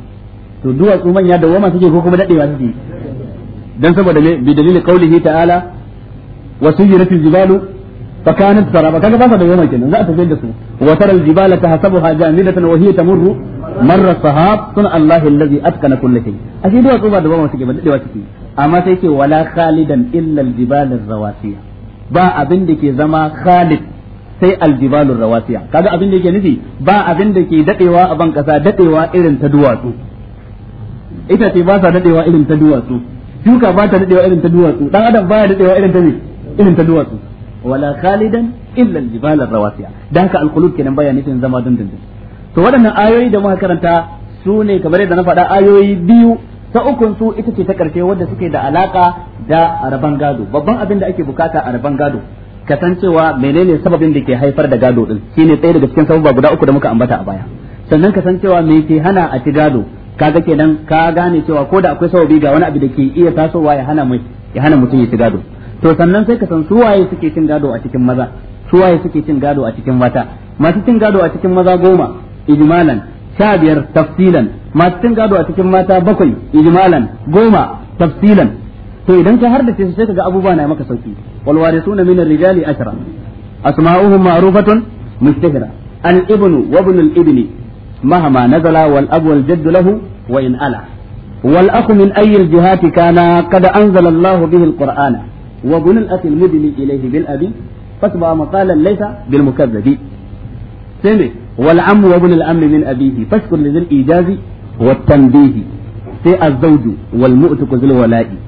Speaker 1: to duwatsu manya dawwama suke ko kuma dadewa suke dan saboda bi dalilin qaulihi ta'ala wa sujiratil jibalu فكانت سرابا كذا بس دعوة ما كنا لا تزيد سو وترى الجبال تحسبها جامدة وهي تمر marra sahab sun Allah allazi atkana kulli shay ashe duwa tsuba da ba mu suke ba dadewa suke amma sai ce wala khalidan illa aljibal arrawasiya ba abin da ke zama khalid sai aljibalu rawasiya kaga abin da ke nufi ba abin da ke daɗewa a ban ƙasa daɗewa irin ta duwatsu ita ce ba sa daɗewa irin ta duwatsu shuka ba ta daɗewa irin ta duwatsu dan adam baya daɗewa irin ta ne irin ta duwatsu wala khalidan illa aljibal arrawasiya dan haka alqulub kenan baya nufin zama dindindin to waɗannan ayoyi da muka karanta su ne kamar yadda na faɗa ayoyi biyu ta ukun su ita ce ta ƙarshe wadda suke da alaƙa da araban gado babban abin da ake bukata a araban gado kasancewa menene sababin da ke haifar da gado din shine tsaye daga cikin sababa guda uku da muka ambata a baya sannan kasancewa me ke hana a ci gado kaga kenan ka gane cewa ko da akwai sababi ga wani abu da ke iya tasowa ya hana mai ya hana mutum ya ci gado to sannan sai ka san su waye suke cin gado a cikin maza su waye suke cin gado a cikin mata masu cin gado a cikin maza goma ijmalan sha biyar tafsilan masu cin a cikin mata bakwai ijmalan goma Tafsiran. to idan ka har da ce sai ga abubuwa na maka sauki wal warisuna min ar-rijali ashra asma'uhum ma'rufatun mustahira al ibnu wabnul Ibni. al-ibn mahama nazala wal wal jadd lahu wa in ala wal akh min ayy al kana kada anzala Allah bihi al-qur'ana wa ibn al-akh al-mudni ilayhi bil abi fatba maqalan laysa bil mukazzabi sai ne wal ammu wa ibn al ammi min abihi fashkur lil ijazi wa tanbihi sai az-zawju wal mu'tiqu zil wala'i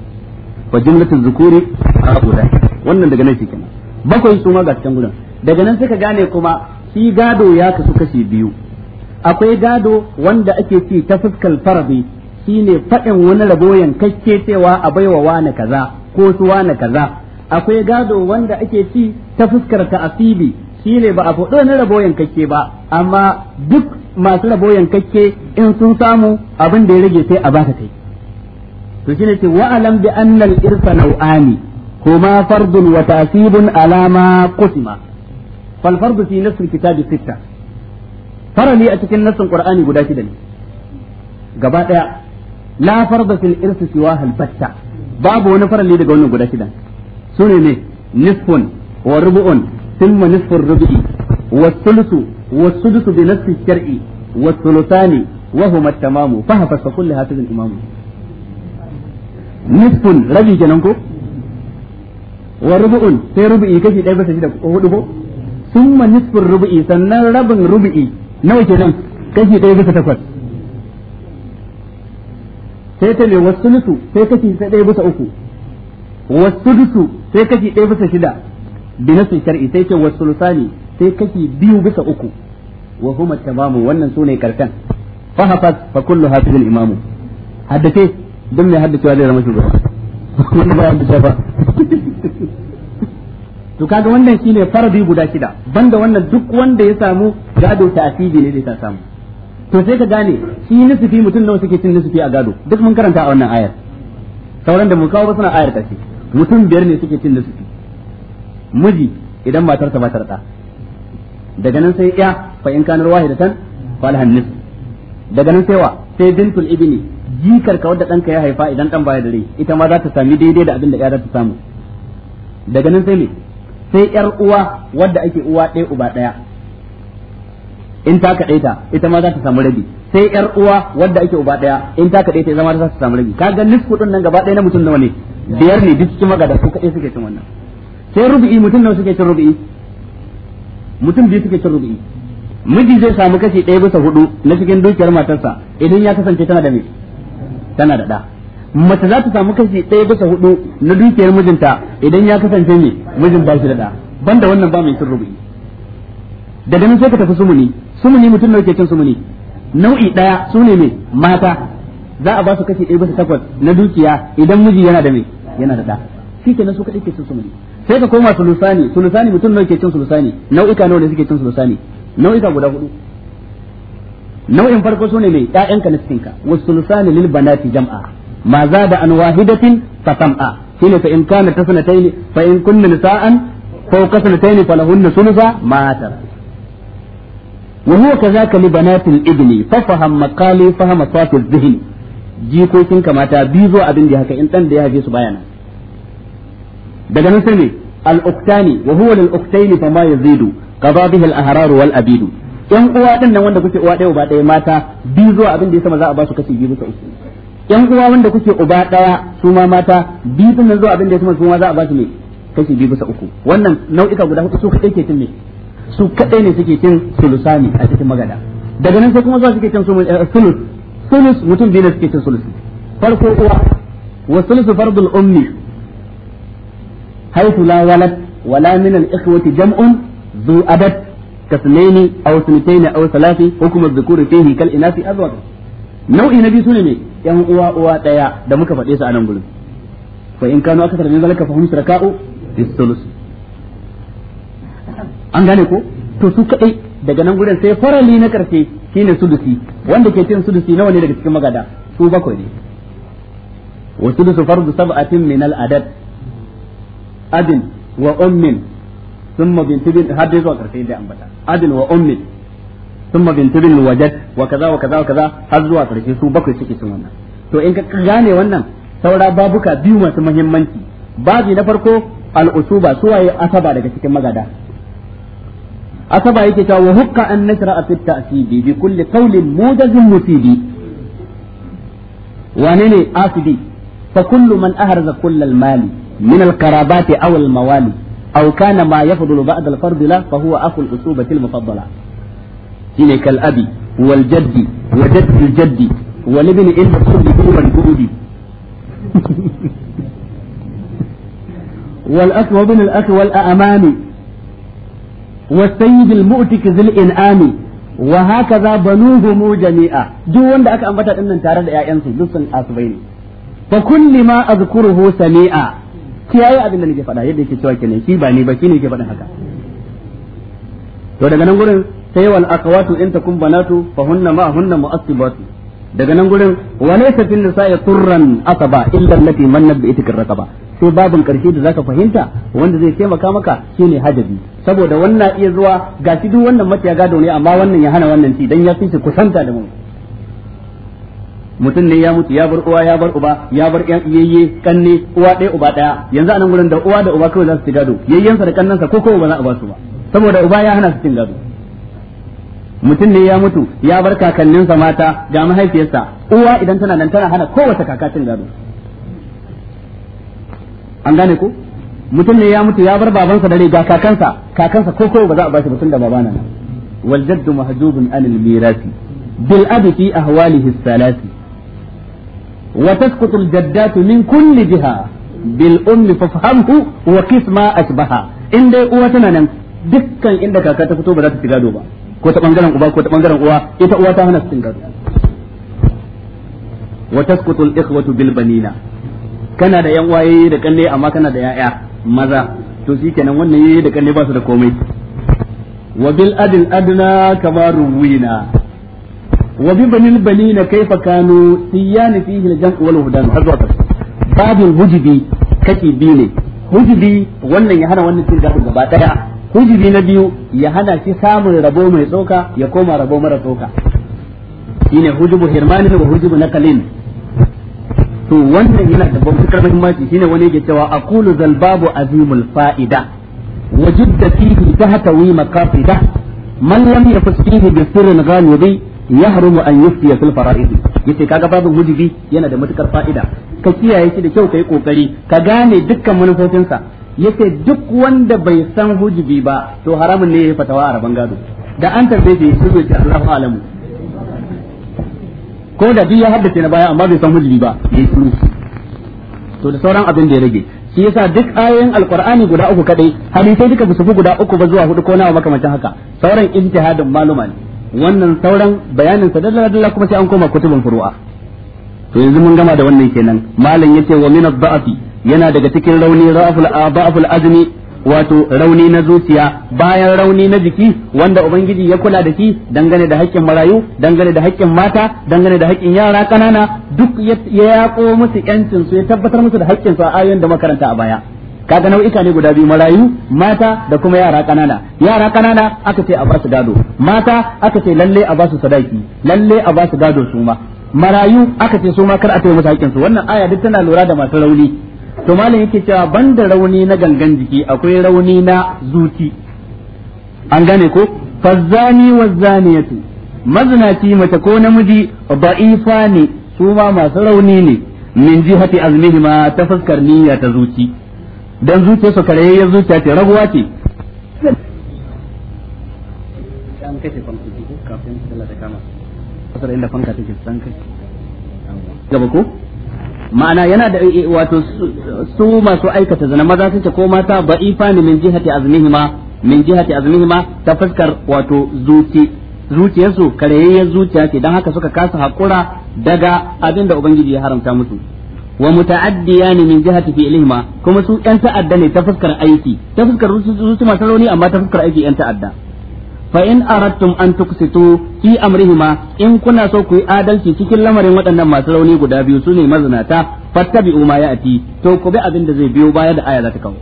Speaker 1: wa jumlatu dhukuri ha'ula wannan daga nan kenan bakwai su ma ga cikin gudan daga nan suka gane kuma shi gado ya kasu kashi biyu akwai gado wanda ake ci ta fuskar farabi shine faɗin wani rabo yankakke cewa a baiwa wani kaza ko su wani kaza akwai gado wanda ake ci ta fuskar ta ta'asibi shine ba a faɗo na rabo yankakke ba amma duk masu rabo yankakke in sun samu abin da ya rage sai a baka kai to shine ce wa alam bi anna al irsa naw'ani huma fardun wa ta'sibun ala ma qusima fal fardu fi sitta farali a cikin nasin qur'ani guda shida ne gaba daya la farda fil irsi siwa hal batta babu wani farali daga wannan guda shida sune ne nisfun wa rubu'un ثم نصف الربع والثلث والسدس بنفس الشرع والثلثان وهما التمام فهفت فكل هكذا الإمام نصف ربي جنانكو وربع سي ربعي كشي دايبا سجد أهدبو ثم نصف الربع سنة ربع ربعي نوى جنان كشي دايبا ستكوت sai ta ne wasu sai kashi sai ɗaya bisa uku wasu sai kashi ɗaya bisa shida bi nasin shar'i sai ce wasulusani sai kake biyu bisa uku wa huma tamamu wannan sune karkan fa hafa fa kullu hafiz al imamu haddace dan mai haddacewa zai zama shugaba wani ba haddace ba to kaga wannan shine faradi guda shida banda wannan duk wanda ya samu gado ta asibi ne zai ta samu to sai ka gane shi nisifi mutum nawa suke cin nisifi a gado duk mun karanta a wannan ayar sauran da mu kawo ba suna ayar ta ce mutum biyar ne suke cin nisifi miji idan matar ba ta da daga nan sai ya fa in kanar wahidatan falahan nis daga nan sai wa sai bintul ibni jikar ka wadda danka ya haifa idan dan baya da rai ita ma za ta sami daidai da abin da ya za ta samu daga nan sai ne sai yar uwa wadda ake uwa ɗaya uba ɗaya in ta kaɗai ta ita ma za ta samu rabi sai yar uwa wadda ake uba ɗaya in ta kaɗai ta ita ma za ta samu rabi kaga nisku din nan gaba ɗaya na mutum nawa ne biyar ne duk cikin magada su kaɗai suke cin wannan sai rubu'i mutum nawa suke cin rubu'i mutum biyu suke cin rubu'i miji zai samu kashi ɗaya bisa hudu na cikin dukiyar matarsa idan ya kasance tana da me tana da ɗa mace za ta samu kashi ɗaya bisa hudu na dukiyar mijinta idan ya kasance me mijin ba shi da ɗa banda wannan ba mai cin rubu'i da ganin sai ka tafi sumuni sumuni mutum nawa ke cin sumuni nau'i ɗaya su ne me mata za a ba su kashi ɗaya bisa takwas na dukiya idan miji yana da me yana da ɗa shi kenan su kaɗai ke cin sumuni sai ka koma sulusani sulusani mutum nawa ke cin sulusani nau'ika nawa ne suke cin sulusani nau'ika guda hudu nau'in farko sune mai ƴaƴanka na cikinka wasulusani lil banati jam'a ma za zada an wahidatin fa sam'a shine fa in kana tasnatayn fa in kunna nisa'an fawqa sanatayn falahunna sulusa ma tarak وهو كذاك لبنات الابن ففهم مقالي فهم صافي الذهن jikokin kamata bizo abin da haka in dan da ya haife su bayana daga nan sai ne al-uktani wa huwa lil-uktaini fa ma yazidu qada bihi al-ahrar wal abidu yan uwa din nan wanda kuke uwa daya uba daya mata biyu zuwa abin da ya sama za a ba su kashi biyu bisa uku yan uwa wanda kuke uba daya su ma mata biyu din nan zuwa abin da ya sama su za a ba su ne kashi biyu bisa uku wannan nau'ika guda hudu su kadai ke cin ne su kadai ne suke cin sulusani a cikin magada daga nan sai kuma zuwa suke cin eh, sulus sulus mutum biyu ne suke cin sulus farko uwa wa sulusu fardul ummi haythu la walad wala min al jam'un dhu adad kasnaini aw suntaini aw salasi hukmu dhukuri fihi kal inasi azwaj nau'i na biyu sune ne yan uwa uwa daya da muka faɗe su a nan gurin fa in kanu akthar min zalika fa hum shuraka'u fi an gane ko to su kadai daga nan gurin sai farali na karshe shine sudusi wanda ke cin sudusi nawa ne daga cikin magada su bakwai ne wa sudusu fardu sab'atin min al adad adin wa ummin thumma bint bin har dai zuwa karshe da ambata adin wa ummin thumma bint bin wajad wa kaza wa kaza wa kaza har zuwa karshe su bakwai suke cin wannan to in ka gane wannan saura babuka biyu masu muhimmanci babi na farko al-usuba suwaye asaba daga cikin magada asaba yake cewa wa hukka an nashra fi ta'sibi bi kulli qawlin mujazin mufidi wane ne asidi fa kullu man ahraza kullal mali من القرابات أو الموالي أو كان ما يفضل بعد الفرض له فهو أخو الأصوبة المفضلة شيني كالأبي والجد وجد الجد والابن إن الصوب والجود والأخ وابن الأخ والأمان والسيد المؤتك ذي الإنعام وهكذا بنوهم جميعا دو وند أكا أنبتا إنن تارد يا أنسي لسن آسبيني فكل ما أذكره سميعا kiyaye abin da nake faɗa yadda yake cewa kenan shi ba ni ba shi ne yake faɗin haka to daga nan gurin sai wal akhawatu in takum banatu fa hunna ma hunna mu'assibat daga nan gurin wa laysa fil nisa'i turran asaba illa allati manna bi itikar rakaba to babin karshe da zaka fahimta wanda zai taimaka maka shine hadabi saboda wannan iya zuwa gashi duk wannan matiya gado ne amma wannan ya hana wannan ci dan ya fi kusanta da mu mutum ne ya mutu ya bar uwa ya bar uba ya bar ƴan yayye kanne uwa ɗaya uba ɗaya yanzu anan gurin da uwa da uba kawai za su ci gado yayyensa da kannansa ko kowa ba za a ba su ba saboda uba ya hana su cin gado mutum ne ya mutu ya bar kakanninsa mata ga mahaifiyarsa uwa idan tana nan tana hana kowace kaka cin gado an gane ko mutum ne ya mutu ya bar babansa da riga kakansa kakansa ko kowa ba za a ba shi mutum da babana nan wal jaddu mahdubun anil mirasi bil abi fi ahwalihi salasi وتسقط الجدات من كل جهة بالأم ففهمه وقس ما أشبهها إن دي أوتنا نم دكا إن دكا كتفتو بدأت تجادو با كوتا بانجران أبا كوتا بانجران أوا إتا أوتا هنا ستنجادو وتسقط الإخوة بالبنين كان دا ينواي دا كان أما كان دا يا ماذا to shi kenan wannan yayi da kanne ba su da komai wa bil adil adna kama ruwina wa bi banil banina kaifa kanu siyani fihi al-jam' wal hudan har zuwa babin hujubi kashi biyu ne hujubi wannan ya hana wannan cin gafin gaba daya hujubi na biyu ya hana shi samun rabo mai tsoka ya koma rabo mara tsoka shine hujubu hirmani da hujubu nakalin to wannan yana da babbar muhimmanci shine wani yake cewa aqulu zal babu azimul fa'ida wajidda fihi tahtawi maqasida man lam yafsihi bi sirrin ghalibi yahrumu an yuftiya fil fara'id yace kaga babin wajibi yana da matukar fa'ida ka kiyaye shi da kyau kai kokari ka gane dukkan manufofinsa yace duk wanda bai san wajibi ba to haramun ne ya fatawa a rabon gado da an tarbe shi su ce Allahu alamu ko da duk ya haddace na baya amma bai san wajibi ba yayi shiru to da sauran abin da ya rage shi yasa duk ayoyin alqur'ani guda uku kadai hadisi duka su guda uku ba zuwa hudu ko nawa makamancin haka sauran ijtihadin maluma ne wannan sauran bayanin sa dalla dalla kuma sai an koma kutubun furu'a to yanzu mun gama da wannan kenan malam yace wa min ad-da'fi yana daga cikin rauni ra'ful adha'ful azmi wato rauni na zuciya bayan rauni na jiki wanda ubangiji ya kula da shi dangane da haƙƙin marayu dangane da haƙƙin mata dangane da haƙƙin yara kanana duk ya yaƙo musu yancin su ya tabbatar musu da haƙƙin su a ayoyin da makaranta a baya kaga nau'ika ne guda biyu marayu mata da kuma yara kanana yara kanana aka ce a basu gado mata aka ce lalle a basu sadaki lalle a basu gado su ma marayu aka ce su ma kar a tayi musu hakkin wannan aya duk tana lura da masu rauni to malam yake cewa banda rauni na gangan jiki akwai rauni na zuci an gane ko fazani zaniyatu mazinaci mace ko namiji ba'ifa ne su ma masu rauni ne min jihati azmihima ta fuskar niyya ta zuci dan zuciyarsa su karayayyar zuciya ce raguwa ce ko kafin ta kama gaba ko ma'ana yana da eh, wato su masu aikata zana maza ce ko mata ifa ne min jihati azmihima min jihati azmihima ta fuskar wato zuci zuciyarsu karayayyar zuciya ce don haka suka kasa haƙura daga abin da ubangiji ya haramta musu wa muta'addiyan min jihati fi'lihima kuma su yan ta'adda ne ta fuskar aiki ta fuskar rusu masu rauni amma ta fuskar aiki yan ta'adda fa in aradtum an tuksitu fi amrihima in kuna so ku yi adalci cikin lamarin waɗannan masu rauni guda biyu su ne mazinata fattabi'u ma ya'ti to ku bi abin da zai biyo baya da aya ta kawo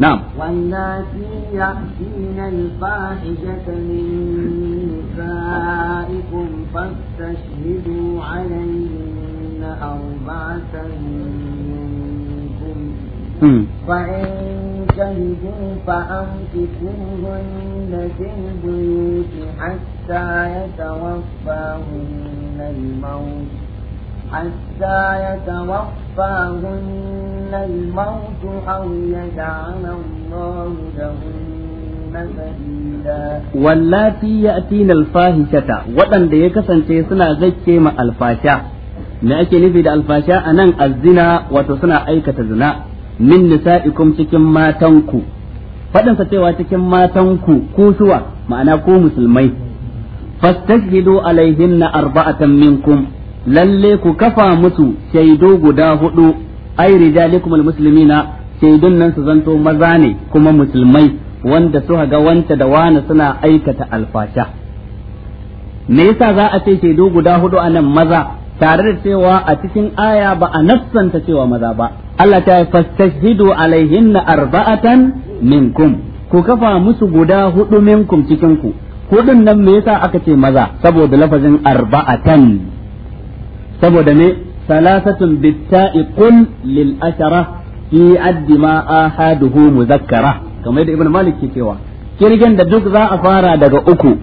Speaker 1: na'am
Speaker 2: wallati ya'tina أربعة منكم فإن شهدوا فأمسكوهن في البيوت حتى يتوفاهن الموت حتى يتوفاهن الموت أو يجعل الله لهن
Speaker 1: wallati ya'tina alfahishata waɗanda ya kasance suna zakke ma alfasha me ake nufi da alfasha a anan azzina wato suna aikata zina min nisa'ikum cikin matanku faɗin cewa cikin matanku ku suwa ma'ana ku musulmai fastashhidu alaihinna arba'atan minkum lalle ku kafa musu shaidu guda hudu ai rijalikum almuslimina shaidun nan su zanto maza ne kuma musulmai wanda su ga wanta da wani suna aikata alfasha me yasa za a ce shaidu guda hudu anan maza tare da cewa a cikin aya ba a nassanta cewa maza ba Allah ta yi fastashhidu alaihinna arba'atan minkum ku kafa musu guda hudu minkum cikin ku hudun nan me yasa aka ce maza saboda lafazin arba'atan saboda ne salasatun bitta'i qul lil ashara fi addi ma ahaduhu muzakkara kamar yadda ibnu malik ke cewa kirgin da duk za a fara daga uku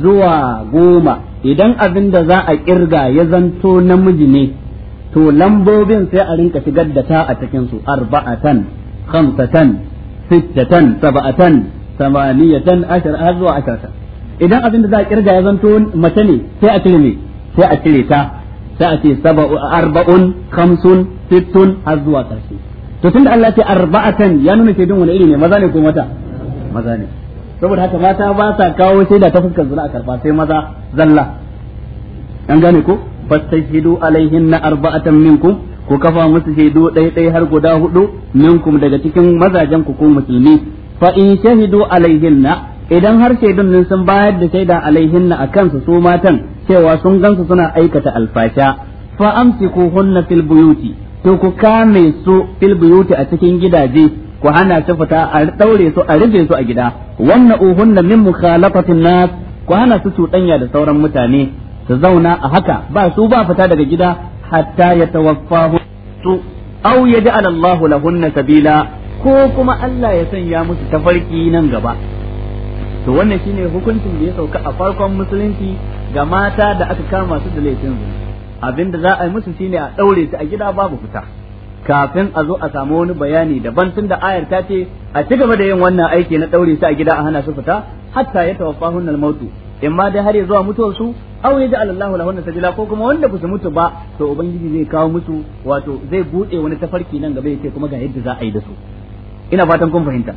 Speaker 1: zuwa goma idan abin da za a kirga ya zanto namiji ne to lambobin sai a rinka shigar da ta a cikin su arba'atan khamsatan sittatan sab'atan samaniyatan ashar har zuwa ashar idan abin da za a kirga ya zanto mace ne sai a cire ne sai a cire ta sai a ce sab'u arba'un khamsun sittun har zuwa karshe to tunda Allah ya ce arba'atan ya nuna ke din wani iri ne maza ne ko mata maza ne saboda haka mata ba sa kawo shaida ta fuskar zina a karfa sai maza zalla an gane ko fastashidu na arba'atan minkum ku kafa musu shaidu ɗaya har guda hudu minkum daga cikin mazajen ku ko musulmi fa in shahidu na idan har shaidun nan sun bayar da shaida na a kansu su matan cewa sun gansu suna aikata alfasha fa amsikuhunna fil buyuti to ku kame su fil buyuti a cikin gidaje ku hana su fita a daure su a rufe su a gida wannan uhunna min mukhalafatin nas ku hana su cuɗanya da sauran mutane su zauna a haka ba su ba fita daga gida hatta ya tawaffahu su aw yaj'al Allah lahunna sabila ko kuma Allah ya sanya musu tafarki nan gaba to wannan shine hukuncin da ya sauka a farkon musulunci ga mata da aka kama su da laifin abinda za a yi musu shine a daure su a gida babu fita kafin a zo a samu wani bayani daban tun da ayar ta ce a ci gaba da yin wannan aiki na daure su a gida a hana su fita hatta ya tawaffahun hunnal mautu in ma dai har ya zuwa mutuwar su aw ya ja'al Allahu lahunna sabila ko kuma wanda ba su mutu ba to ubangiji zai kawo musu wato zai bude wani tafarki nan gaba yace kuma ga yadda za a yi da su ina fatan kun fahimta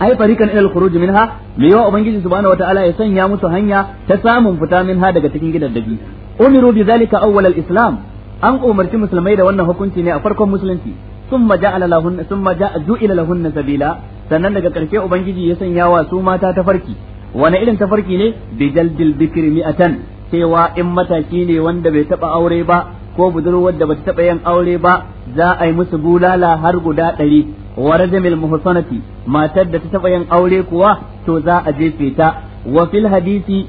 Speaker 1: ai farikan ilal khuruj minha me yawa ubangiji subhanahu wataala ya sanya musu hanya ta samun fita minha daga cikin gidan dabi umiru bi zalika awwal al-islam an umarci musulmai da wannan hukunci ne a farkon musulunci summa ja'ala lahunna summa ja'a ju'ila lahunna sabila sannan daga karshe ubangiji ya sanya wa su mata tafarki wani irin tafarki ne bijaldil bikri mi'atan cewa in mataki ne wanda bai taba aure ba ko budurwar da bata taba yin aure ba za a yi musu bulala har guda ɗari wa rajamil muhsanati matar da ta taba yin aure kuwa to za a jefe ta wa fil hadisi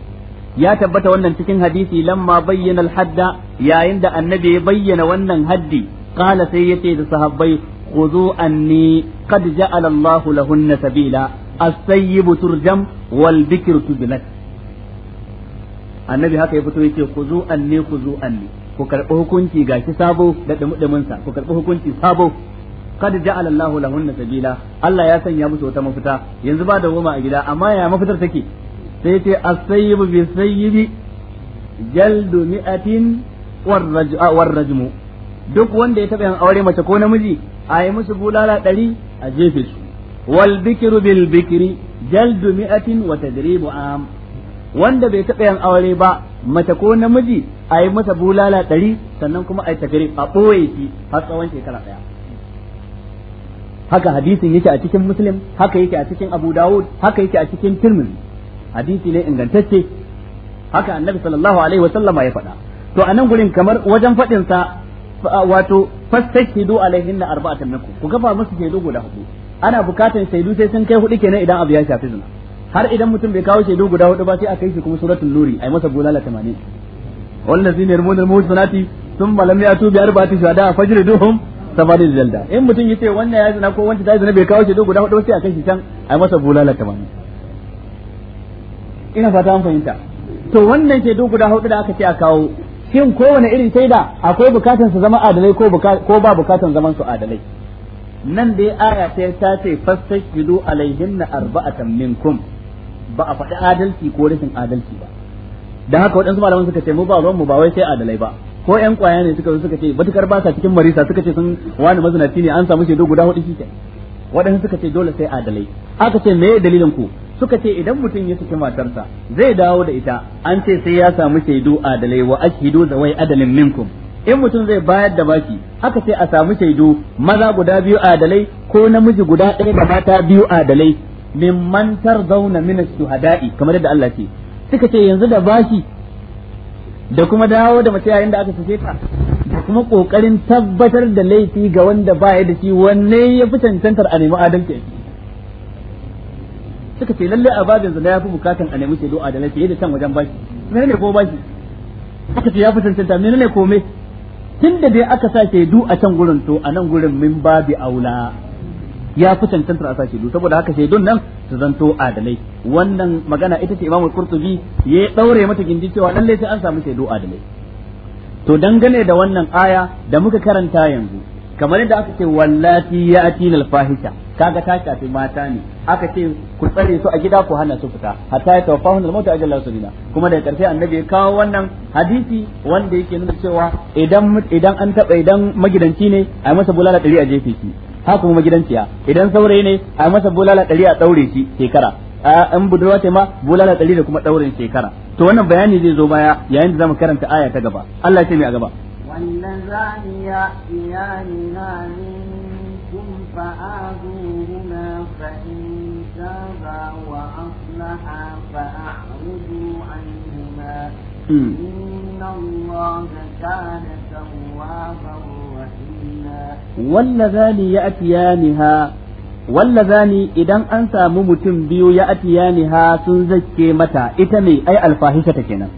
Speaker 1: ya tabbata wannan cikin hadisi lamma bayyana al-hadda yayin da annabi ya bayyana wannan haddi qala sai yace da sahabbai khudhu anni qad ja'ala Allah lahunna sabila as-sayyib turjam wal bikr tudlak annabi haka ya fito yace khudhu anni khudhu anni ku karbi hukunci gashi sabo da dumudumin sa ku karbi hukunci sabo kad ja'ala Allahu lahunna sabila Allah ya sanya musu wata mafita yanzu ba da goma a gida amma ya mafitar take sai ce as-sayyibu bi sayyibi jaldu mi'atin war ah, rajmu duk wanda ya taba yin aure mace ko namiji a yi musu bulala ɗari a jefe su wal bikiru bil bikiri jaldu mi'atin wa tadribu am wanda bai taba yin aure ba mace ko namiji a yi masa bulala ɗari sannan kuma a yi tagari a ɓoye shi har tsawon shekara ɗaya haka hadisin yake a cikin muslim haka yake a cikin abu dawud haka yake a cikin tirmidhi hadisi ne ingantacce haka annabi sallallahu alaihi wasallama ya faɗa to a nan gurin kamar wajen faɗin sa wato fastahidu na arba'atan minkum ku kafa musu shaidu guda hudu ana bukatan shaidu sai sun kai hudu kenan idan abu ya shafi zina har idan mutum bai kawo shaidu guda hudu ba sai a kai shi kuma suratul nuri ai masa bulala 80 wallazina yarmuna al-muhsanati thumma lam yatu bi arba'ati shuhada fajriduhum sabarin zalda in mutum yace wannan ya zina ko wancan ta zina bai kawo shaidu guda hudu sai a kai shi can ai masa bulala 80 ina fata an fahimta to wannan shaidu guda hudu da aka ce a kawo shin kowane irin shaida akwai bukatan su zama adalai ko ko ba bukatan zaman su adalai nan dai aya ta ta ce fastashidu alaihinna arba'atan minkum ba a faɗi adalci ko rashin adalci ba dan haka waɗansu malaman suka ce mu ba ruwan mu ba wai sai adalai ba ko ƴan kwaya ne suka zo suka ce batukar ba sa cikin marisa suka ce sun wani mazinaci ne an samu shaidu guda hudu shi waɗansu suka ce dole sai adalai aka ce me dalilin ku suka ce idan mutum ya saki matarsa zai dawo da ita an ce sai ya samu shaidu adalai wa ashhidu wai adalin minkum in mutum zai bayar da baki aka ce a samu shaidu maza guda biyu adalai ko namiji guda ɗaya da mata biyu adalai zauna tarzauna min shuhada'i kamar yadda Allah ce suka ce yanzu da bashi. da kuma dawo da mace yayin da aka sake ta da kuma kokarin tabbatar da laifi ga wanda ya da shi wanne ya fi cancantar a nemi adalci suka ce lalle a babin ya yafi bukatan a nemi shaidu adalai fiye da can wajen bashi ne ko bashi aka ce yafi cancanta mai tun da dai aka sa shaidu a can gurin to a nan gurin min babi aula ya fi cancantar a sa shaidu saboda haka shaidun nan su zanto adalai wannan magana ita ce imamu kurtubi ya daure mata gindi cewa lalle sai an samu shaidu adalai to dangane da wannan aya da muka karanta yanzu kamar yadda aka ce wallati ya atina fahisha kaga ta shafi mata ne aka ce ku tsare su a gida ku hana su fita hatta ya tawaffahun al mautu ajallahu sabila kuma da karshe annabi ya kawo wannan hadisi wanda yake nuna cewa idan idan an taba idan magidanci ne a masa bulala dari a jefe shi haka kuma magidanciya idan saurayi ne a masa bulala dari a daure shi shekara a an budurwa ce ma bulala dari da kuma daurin shekara to wannan bayani zai zo baya yayin da zamu karanta aya ta gaba Allah ya ce mai a gaba
Speaker 2: واللذان فآذوهما فإن تابا وأصلحا فأعرضوا عنهما إن الله كان توابا رحيما
Speaker 1: واللذان يأتيانها wallazani idan an samu mutum biyu ya atiyaniha sun zakke mata ita mai ai alfahisha ta kenan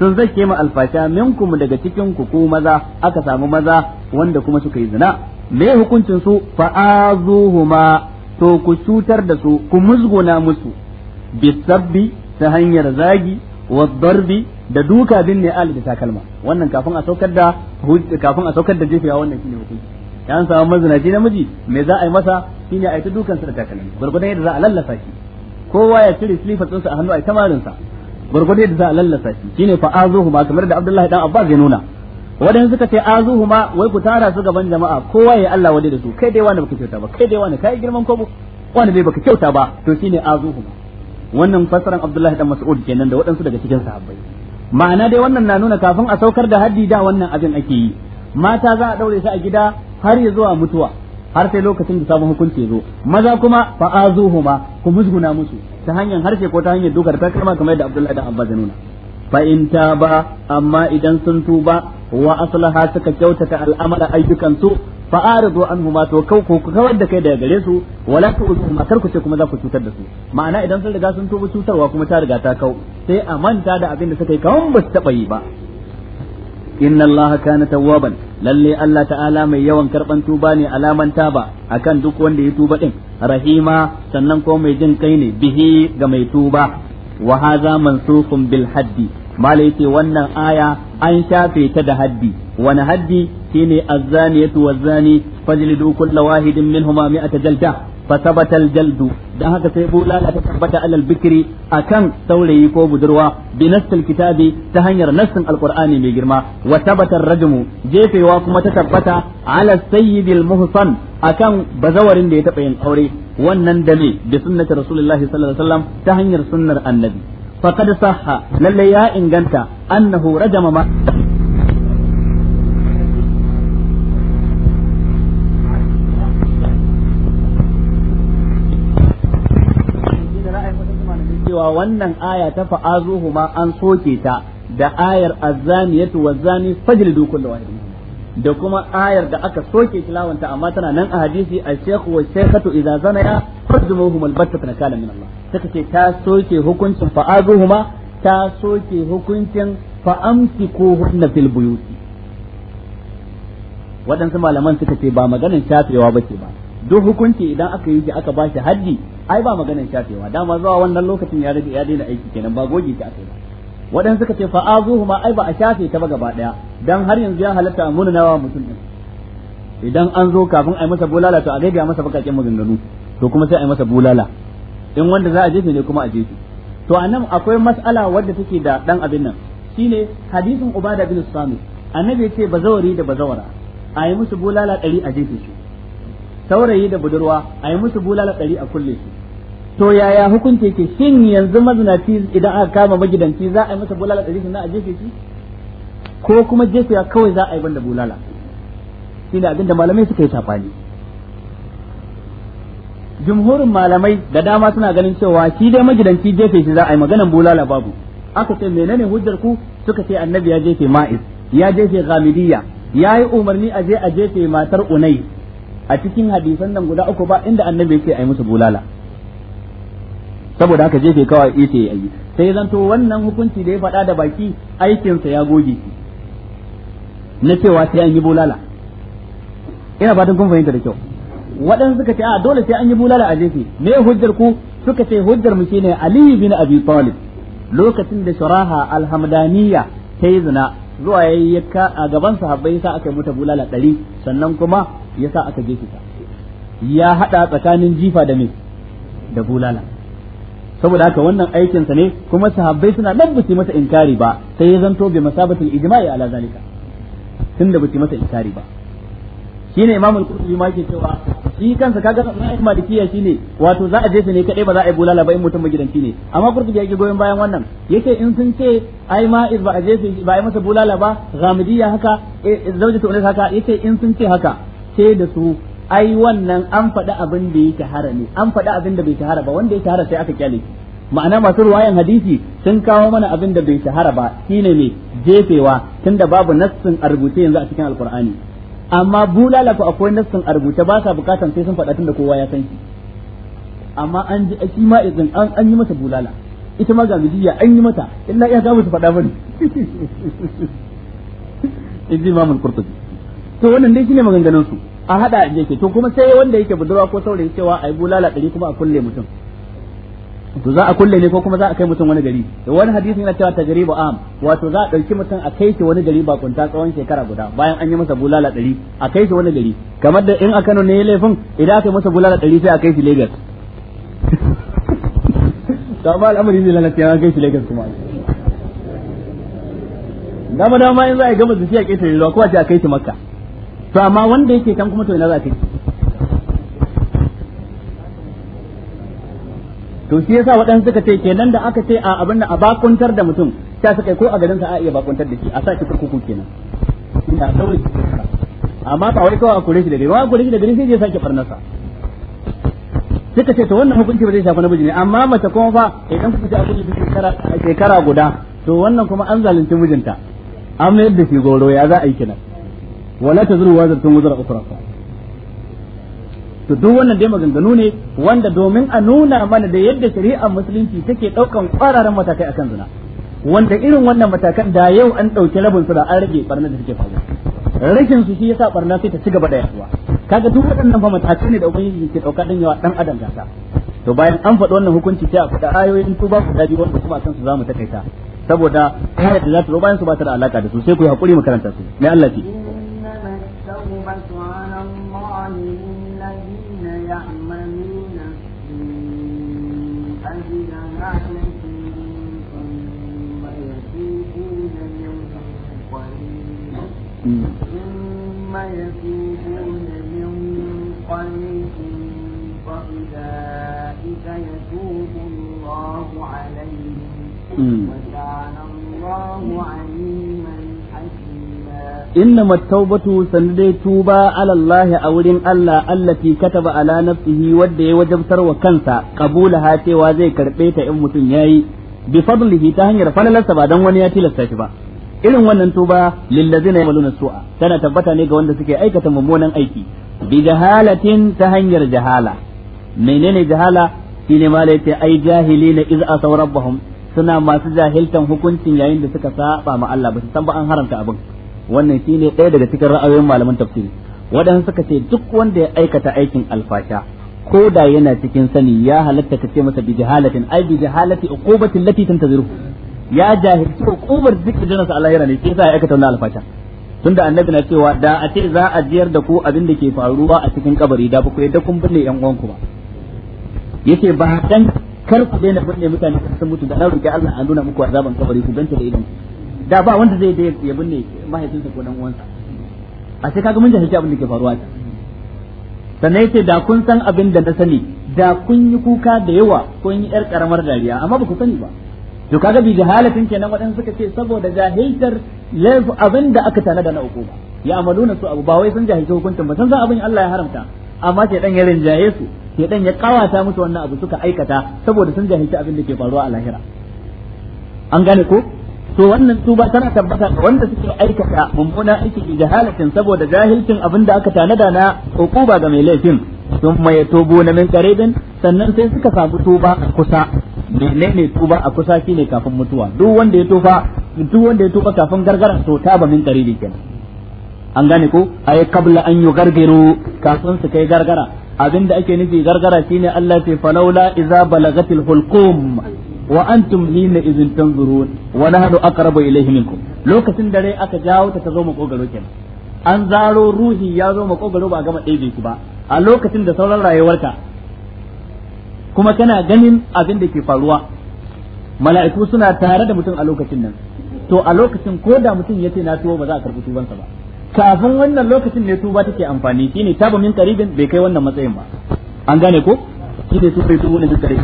Speaker 1: sun zakke ma alfasha minkum daga cikin ku ko maza aka samu maza wanda kuma suka yi zina me hukuncin su fa'azuhuma to ku cutar da su ku musguna musu bisabbi ta hanyar zagi wa darbi da duka bin ne al da takalma wannan kafin a saukar da kafin a saukar da jefiya wannan shine hukunci yan samu mazinaci namiji me za a yi masa shine a yi ta dukan sa da takalmi gurgurdan yadda za a lallasa shi kowa ya cire silifar sa a hannu a yi ta marin sa gurgurdan yadda za a lallasa shi shine fa'azuhuma kamar da Abdullahi dan Abbas ya nuna wadanda suka ce azuhuma wai ku tara su gaban jama'a kowa ya Allah wade da su kai dai wani baka kyauta ba kai dai wani kai girman kobo wani bai baka kyauta ba to shine azuhuma wannan fasaran Abdullahi dan Mas'ud kenan da waɗansu daga cikin sahabbai ma'ana dai wannan na nuna kafin a saukar da haddi da wannan abin ake yi mata za a daure su a gida har ya zuwa mutuwa har sai lokacin da sabon hukunci zo maza kuma fa azuhuma ku musguna musu ta hanyar harshe ko ta hanyar dukar takalma kamar yadda Abdullahi dan Abbas ya nuna fa in ba amma idan sun tuba wa aslaha suka kyautata al'amara ayyukan su fa aridu anhuma to kau ku kawar da kai daga gare su wala tu'zuhum kar ku ce kuma za ku cutar da su ma'ana idan sun riga sun tuba cutarwa kuma ta riga ta kau sai a manta da abin da suka yi kawan ba su taba yi ba inna allaha kana tawwaban lalle Allah ta'ala mai yawan karban tuba ne alaman taba akan duk wanda ya tuba din rahima sannan ko mai jin kai ne bihi ga mai tuba wa hadha mansukun bil haddi malai yace wannan aya an shafe ta da haddi wani haddi ne shine azzaniyatu wazzani fajlidu kulla wahidin minhuma mi'ata jalda fa thabata aljaldu dan haka sai bula la ta tabbata alal a kan saurayi ko budurwa bi nasl kitabi ta hanyar nasin alkur'ani mai girma wa thabata rajmu jefewa kuma ta tabbata ala sayyidil muhsan akan bazawarin da ya taɓa yin aure wannan dane da sunnati rasulullahi sallallahu alaihi wasallam ta hanyar sunnar annabi faqad sahha lalle ya inganta annahu rajama ma cewa wannan aya ta fa'azuhu ma an soke ta da ayar azzaniyatu wazzani fajlidu kullu wahid da kuma ayar da aka soke tilawanta amma tana nan a hadisi al-shaykh wa shaykhatu idza zanaya fajliduhum al-batta kana min Allah suka ce ta soke hukuncin fa'aduhuma ta soke hukuncin fa'amti ko hunna fil buyuti waɗansu malaman suka ce ba maganin shafewa ba ce ba duk hukunci idan aka yi aka ba shi haddi ai ba maganin shafewa dama zuwa wannan lokacin ya rage ya daina aiki kenan ba goge shi aka yi waɗansu suka ce fa'aduhuma ai ba a shafe ta ba gaba ɗaya dan har yanzu ya halatta a nawa mutum din idan an zo kafin a yi masa bulala to a gaida masa bakakin maganganu to kuma sai a yi masa bulala in wanda za a jefe ne kuma a jefe to anan akwai mas'ala wadda take da dan abin nan shine hadisin ubada bin sami annabi ya ce bazawari da bazawara a yi musu bulala ɗari a jefe su saurayi da budurwa a yi musu bulala ɗari a kulle su to yaya hukunci yake shin yanzu mazinaci idan aka kama magidanci za a yi masa bulala ɗari sannan a jefe shi ko kuma jefewa kawai za a yi banda bulala shine abin da malamai suka yi safani jumhurin malamai da dama suna ganin cewa shi dai magidanci jefe shi za a yi maganan bulala babu aka ce menene hujjar ku suka ce annabi ya jefe ma'iz ya jefe ghamidiyya ya yi umarni a je a jefe matar unai a cikin hadisan nan guda uku ba inda annabi yake ce a yi musu bulala saboda haka jefe kawai ita ya yi sai zanto wannan hukunci da ya faɗa da baki aikinsa ya goge shi na cewa sai an yi bulala ina fatan kun fahimta da kyau waɗansu suka ce a dole sai an yi bulala a jefe me hujjar ku suka ce hujjar mu shine Ali bin Abi Talib lokacin da Shuraha al-Hamdaniya ta yi zina zuwa yayi yakka a gaban sahabbai sa aka yi mata bulala ɗari sannan kuma sa aka jefe ta ya hada tsakanin jifa da me da bulala saboda haka wannan aikin sa ne kuma sahabbai suna dan bisu mata inkari ba sai ya zanto bi masabatul ijma'i ala zalika tunda bisu mata inkari ba shine imamul qurtubi ma ke cewa shi kansa kaga malik malikiya shine wato za a je ne kadai ba za a yi bulala ba in mutum magidanci ne amma kurkubi yake goyon bayan wannan yake in sun ce ai ma iz ba a je ba ai masa bulala ba ghamidiyya haka eh, zaujatu ulis haka yake in sun ce haka ce da su ai wannan an faɗi abin da yake harami an faɗi abin da bai shahara ba wanda ya shahara sai aka kyale ma'ana masu ruwayan hadisi sun kawo mana abin da bai shahara ba shine ne jefewa tunda babu nassin a rubuce yanzu a cikin alkur'ani amma bulala ku akwai nassin a rubuce ba sa bukatan sai sun faɗa tun da kowa ya san shi amma an ji shi ma idan an an yi masa bulala ita ma gamidiya an yi mata illa iya ga musu faɗa bane idan imamul qurtubi to wannan dai shine maganganun su a hada ke to kuma sai wanda yake budurwa ko saurayi cewa ai bulala ɗari kuma a kulle mutum to za a kulle ne ko kuma za a kai mutum wani gari to wani hadisi yana cewa tajribu am wato za a dauki mutum a kai shi wani gari ba kunta tsawon shekara guda bayan an yi masa bulala ɗari a kai shi wani gari kamar da in a Kano ne laifin idan aka yi masa bulala ɗari sai a kai shi Lagos to amma al'amari zai lalace ya kai shi Lagos kuma dama dama in za a gama zuciya shi ruwa ko a ce a kai shi Makka to amma wanda yake kan kuma to ina za a kai shi to shi yasa waɗansu suka ce kenan da aka ce a abin da a bakuntar da mutum ta suka ko a garin sa a iya bakuntar da shi a sa shi kurkuku kenan ina sauri. amma ba wai kawai a kore shi da gari wa kore shi da gari sai ya sake sa. suka ce to wannan hukunci ba zai shafa namiji ne amma mace kuma fa idan kuka ce a kuɗi shekara shekara guda to wannan kuma an zalunci mijinta an mayar da shi goro ya za a yi kenan wala tazuru wazatun wazra ukhra to duk wannan dai maganganu ne wanda domin a nuna mana da yadda shari'ar musulunci take daukan kwararan matakai akan zina wanda irin wannan matakan da yau an dauki rabin su da an rage barna da take faruwa rashin su shi yasa barna sai ta ci gaba da yaduwa kaga duk waɗannan fa matakai ne da ubangiji ke dauka dan yawa dan adam gasa to bayan an faɗi wannan hukunci sai a faɗa ayoyin tuba ku dadi wanda kuma san su zamu takaita saboda ayat da za ta zo bayan su ba ta da alaka da su sai ku yi hakuri mu karanta su mai Allah ki
Speaker 2: ثم يتوبون من قريب فأولئك يتوب الله عليهم وكان الله عليما
Speaker 1: إنما التوبة سندي توبة على الله أولين الله التي كتب على نفسه ودي وجبتر وكنسا قبولها تي وزي كربيت أمة ياي بفضله تهنير فلا لسبا دم ونياتي لساشبا irin wannan tuba lillazina yamaluna su'a tana tabbata ne ga wanda suke aikata mummunan aiki bi jahalatin ta hanyar jahala menene jahala shine ma la ai jahilina iz asaw rabbahum suna masu jahiltan hukuncin yayin da suka saba ma Allah ba su san ba an haramta abin wannan shine ɗaya daga cikin ra'ayoyin malaman tafsiri waɗansu suka ce duk wanda ya aikata aikin alfasha ko da yana cikin sani ya halatta ka ce masa bi jahalatin ai bi jahalati uqubatin lati tantaziruhu ya jahilci hukumar zikir nasu Allah yana ne sai sa ya aikata wannan alfasha tunda annabi na cewa da a ce za a jiyar da ku abin da ke faruwa a cikin kabari da ba ku yadda kun binne yan uwanku ba yace ba dan kar ku daina binne mutane sun mutu da na roki Allah a nuna muku azaban kabari ku ganta da idan da ba wanda zai da ya binne mahaifinsa ko dan uwansa a sai kaga mun jahilci abin da ke faruwa sannan yace da kun san abin da na sani da kun yi kuka da yawa kun yi yar karamar dariya amma ba ku sani ba to kaga bi jahalatin kenan waɗansu suka ce saboda jahiltar laifin abin da aka tana da na uku ya amaluna su abu ba wai sun jahilci hukuncin ba sun san abin Allah ya haramta amma dan ya rinjaye su dan ya kawata musu wannan abu suka aikata saboda sun jahilci abin da ke faruwa a lahira an gane ko to wannan tuba tana tabbata ga wanda suke aikata mummuna aiki bi jahalatin saboda jahilcin abin da aka da na hukuma ga mai laifin sun mai tobo na min karibin sannan sai suka samu tuba kusa menene tuba a kusa shine kafin mutuwa duk wanda ya tufa duk wanda ya tuba kafin gargara to taba min qaribin kenan an gane ko ay qabla an yugargiru kafin su kai gargara abinda ake nufi gargara shine Allah ce falaula idza balagatil hulqum wa antum hina idhin tanzurun wa nahnu aqrabu ilayhi minkum lokacin da rai aka jawo ta tazo makogaro kenan an zaro ruhi ya zo makogaro ba gama ɗebe shi ba a lokacin da sauran rayuwarka kuma kana ganin abin da ke faruwa mala'iku suna tare da mutum a lokacin nan to a lokacin ko da mutum ya ce na tuwo ba za a karɓi tubansa ba kafin wannan lokacin ne tuba take amfani shine taba min karibin bai kai wannan matsayin ba an gane ko shine su bai tuba ne duk kare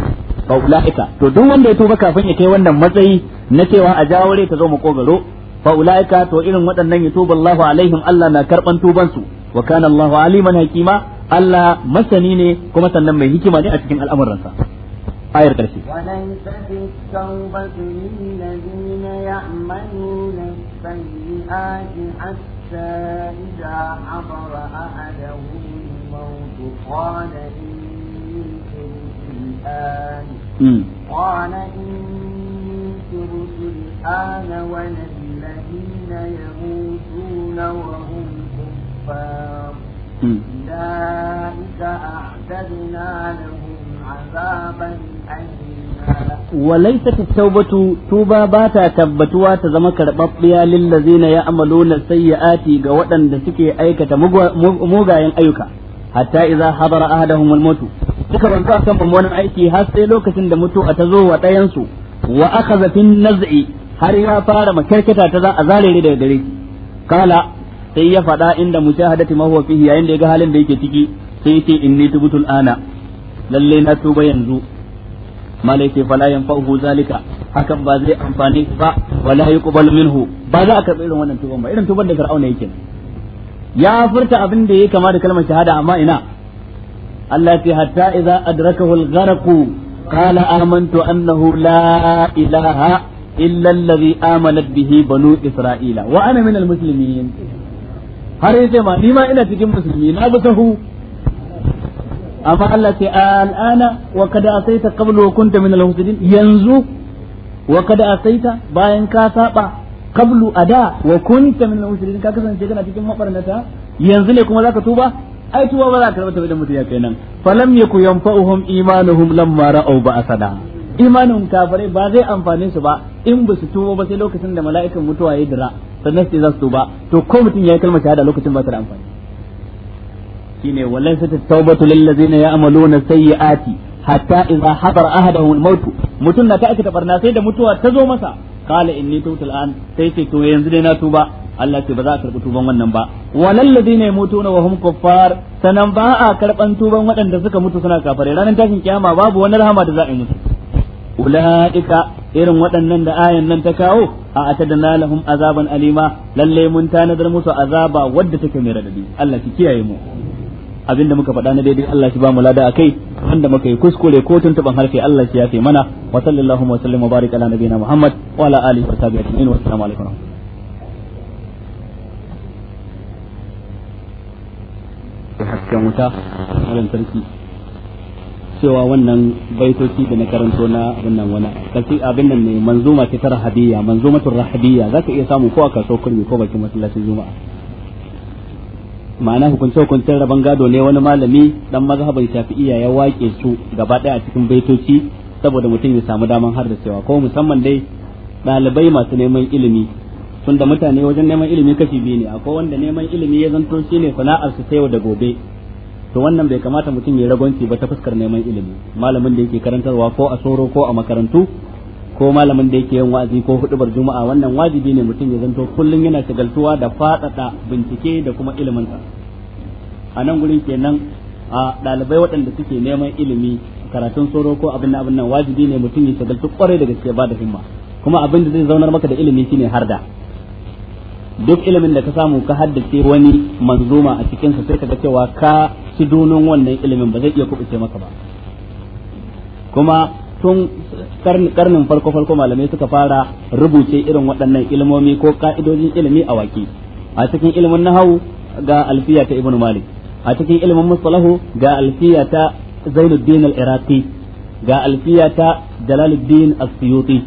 Speaker 1: ba ulaika to duk wanda ya tuba kafin ya kai wannan matsayi na cewa a jawo ta zo kogaro fa ulaika to irin waɗannan ya tuba Allahu alaihim Allah na karban tubansu wa kana Allahu aliman hakima Allah masani ne kuma sannan mai hikima ne a cikin al'amuransa. Ayar ƙarshe.
Speaker 2: قال إني كرت الآن وللذين يموتون أولئك أعتدنا لهم عذابا أليما
Speaker 1: وليست التوبة توبة باتا تبتوا تزم كربطيا للذين يعملون السيئات غوطا دسكي أيكة موغاين أيكا hatta idza hadara ahaduhum al-maut suka bantu akan mummunan aiki har sai lokacin da mutuwa ta zo wa ɗayan su wa akhadha fin naz'i har ya fara makarkata ta za a zare daga kala sai ya faɗa inda mujahadati ma huwa fihi yayin da ya ga halin da yake ciki sai yace inni tubtul ana lalle na tuba yanzu malai sai fala yanfa'uhu zalika hakan ba zai amfani ba wala yuqbal minhu ba za a karɓi irin wannan tuban ba irin tuban da fir'auna yake ya furta abin da yake kama da kalmar shahada amma ina Allah ya hatta idza adrakahu al-gharq qala amantu annahu la ilaha illa alladhi amanat bihi banu isra'ila wa ana min al-muslimin har yace ma ni ma ina cikin musulmi na bi sahu amma Allah ce al'ana wa kada asaita qablu wa kunta min al yanzu wa kada asaita bayan ka saba qablu ada wa kunta min al-muhtadin ka kasance kana cikin mabarnata yanzu ne kuma zaka tuba ai tuba ba za ka rabata da mutiya kenan falam yaku yanfa'uhum imanuhum lamma ra'aw ba'sana imanin kafirai ba zai amfane su ba in ba su tuba ba sai lokacin da mala'ikan mutuwa ya dira sannan sai za su tuba to ko mutum ya yi kalmar shahada lokacin ba ta da amfani shine walan sa tawbatu lil ladzina ya'maluna sayyi'ati hatta idza hadara ahaduhum al-maut mutum na ta aikata barna sai da mutuwa ta zo masa qala inni tubtu al-an sai ce to yanzu dai na tuba Allah ce ba za a karɓi tuban wannan ba walal ladina yamutuna wa hum kuffar sanan ba a karɓan tuban waɗanda suka mutu suna kafare ranar tashin kiyama babu wani rahama da za a yi musu ulaika irin waɗannan da ayan nan ta kawo a atadna lahum azaban alima lalle mun tanadar musu azaba wadda take mai radadi Allah ki kiyaye mu abinda muka faɗa na daidai Allah shi ba mu lada akai wanda muka yi kuskure ko tuntuban harfi Allah shi ya fi mana wa sallallahu wa sallam wa barik ala nabiyina Muhammad wa ala alihi wa sahbihi ajma'in wa assalamu alaikum hasken wuta sarki cewa wannan baitoci da na karanto na wannan wani kasi abin nan ne manzuma ce ta rahabiyya manzumatul za ka iya samu ko a kaso kurmi ko bakin masallacin juma'a ma'ana hukunce hukuncen rabon gado ne wani malami dan mazhabin shafi'iyya ya wake su gaba ɗaya a cikin baitoci saboda mutum ya samu daman har da cewa ko musamman dai ɗalibai masu neman ilimi tun da mutane wajen neman ilimi kashi biyu ne akwai wanda neman ilimi ya zanto shine sana'ar su ta yau da gobe to wannan bai kamata mutum ya ragonci ba ta fuskar neman ilimi malamin da yake karantarwa ko a soro ko a makarantu ko malamin da yake yin wazi ko hudubar juma'a wannan wajibi ne mutum ya zanto kullum yana shagaltuwa da faɗaɗa bincike da kuma iliminsa a nan gurin kenan a dalibai waɗanda suke neman ilimi karatun soro ko abin abin nan wajibi ne mutum ya shagaltu kwarai da gaske ba da himma kuma abin da zai zaunar maka da ilimi shine harda duk ilimin da ka samu ka haddace wani manzuma a cikin sa sai ka ga cewa ka ci donon wannan ilimin ba zai iya kubuce maka ba kuma tun karnin farko farko malamai suka fara rubuce irin waɗannan ilmomi ko ka'idojin ilimi a waki a cikin ilimin nahawu ga alfiya ta ibnu malik a cikin ilimin mustalahu ga alfiya ta zainuddin al-iraqi ga alfiya ta jalaluddin as-suyuti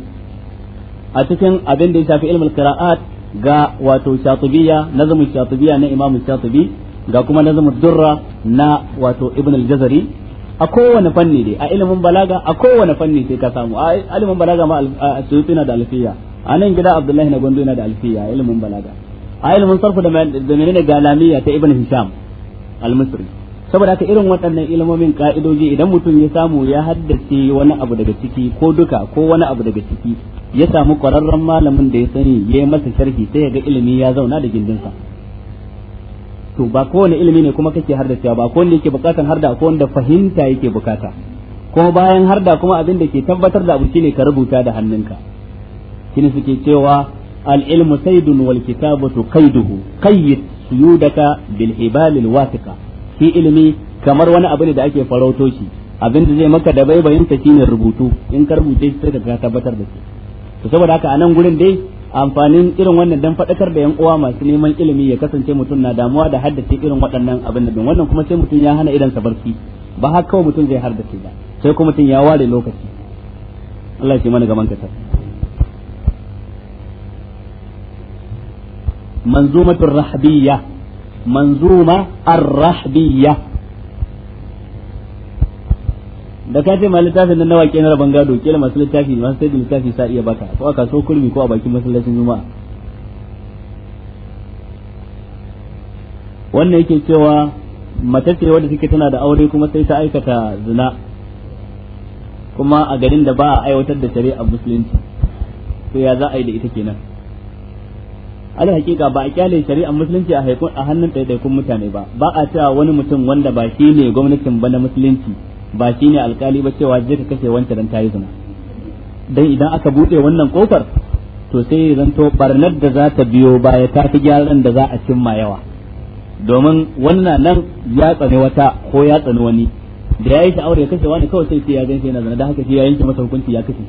Speaker 1: a cikin abin da ya shafi ilmul qira'at ga wato shatibiya nazamu shatibiya na imam shatibi ga kuma nazmud durra na wato ibn al-jazari a kowane fanni dai a ilimin balaga a kowane fanni sai ka samu a ilimin balaga ma suyuti na da alfiya a nan gida abdullahi na gondo na da alfiya ilimin balaga a ilimin sarfu da menene galamiya ta ibn hisham al-misri saboda haka irin waɗannan ilimomin ka'idoji idan mutum ya samu ya haddace wani abu daga ciki ko duka ko wani abu daga ciki ya samu kwararren malamin da ya sani ya yi masa sharhi sai ya ga ilimi ya zauna da gindinsa to ba kowane ilimi ne kuma kake cewa ba kowanne yake bukatan harda ko wanda fahimta yake bukata ko bayan harda kuma abin da ke tabbatar da abu shine ka rubuta da hannunka shine suke cewa al ilmu saydun wal kitabatu qayduhu qayyid suyudaka bil hibalil wathiqa shi ilimi kamar wani abu ne da ake farauto shi abin da zai maka da baibayin ta shine rubutu in ka rubuce shi sai ka tabbatar da shi to saboda haka a nan gurin dai amfanin irin wannan dan faɗakar da yan uwa masu neman ilimi ya kasance mutum na damuwa da haddace irin waɗannan abin da wannan kuma sai mutum ya hana idan sa barci ba har kawai mutum zai haddace ba sai kuma mutum ya ware lokaci Allah ya ce mana gaban kasar manzumatur rahbiyya manzuma ar-rahbiyya da ka ce ma littafin nan nawa na rabon gado kila masu littafi masu sai littafi sa iya baka ko a kaso kurmi ko a bakin masallacin juma'a wannan yake cewa mace ce wadda take tana da aure kuma sai ta aikata zina kuma a garin da ba a aiwatar da shari'a musulunci to ya za a yi da ita kenan ala hakika ba a kyale shari'a musulunci a hannun ɗaiɗaikun mutane ba ba a cewa wani mutum wanda ba shi ne gwamnatin ba na musulunci ba shi ne alkali ba cewa je ka kashe wancan dan tayi zina dan idan aka bude wannan kofar to sai ya zanto barnar da za ta biyo baya ta fi gyaran da za a cimma yawa domin wannan nan ya tsane wata ko ya tsane wani da ya yi sha'awar ya kashe wani kawai sai sai ya ganshi yana zana da haka shi ya yanke masa hukunci ya kashe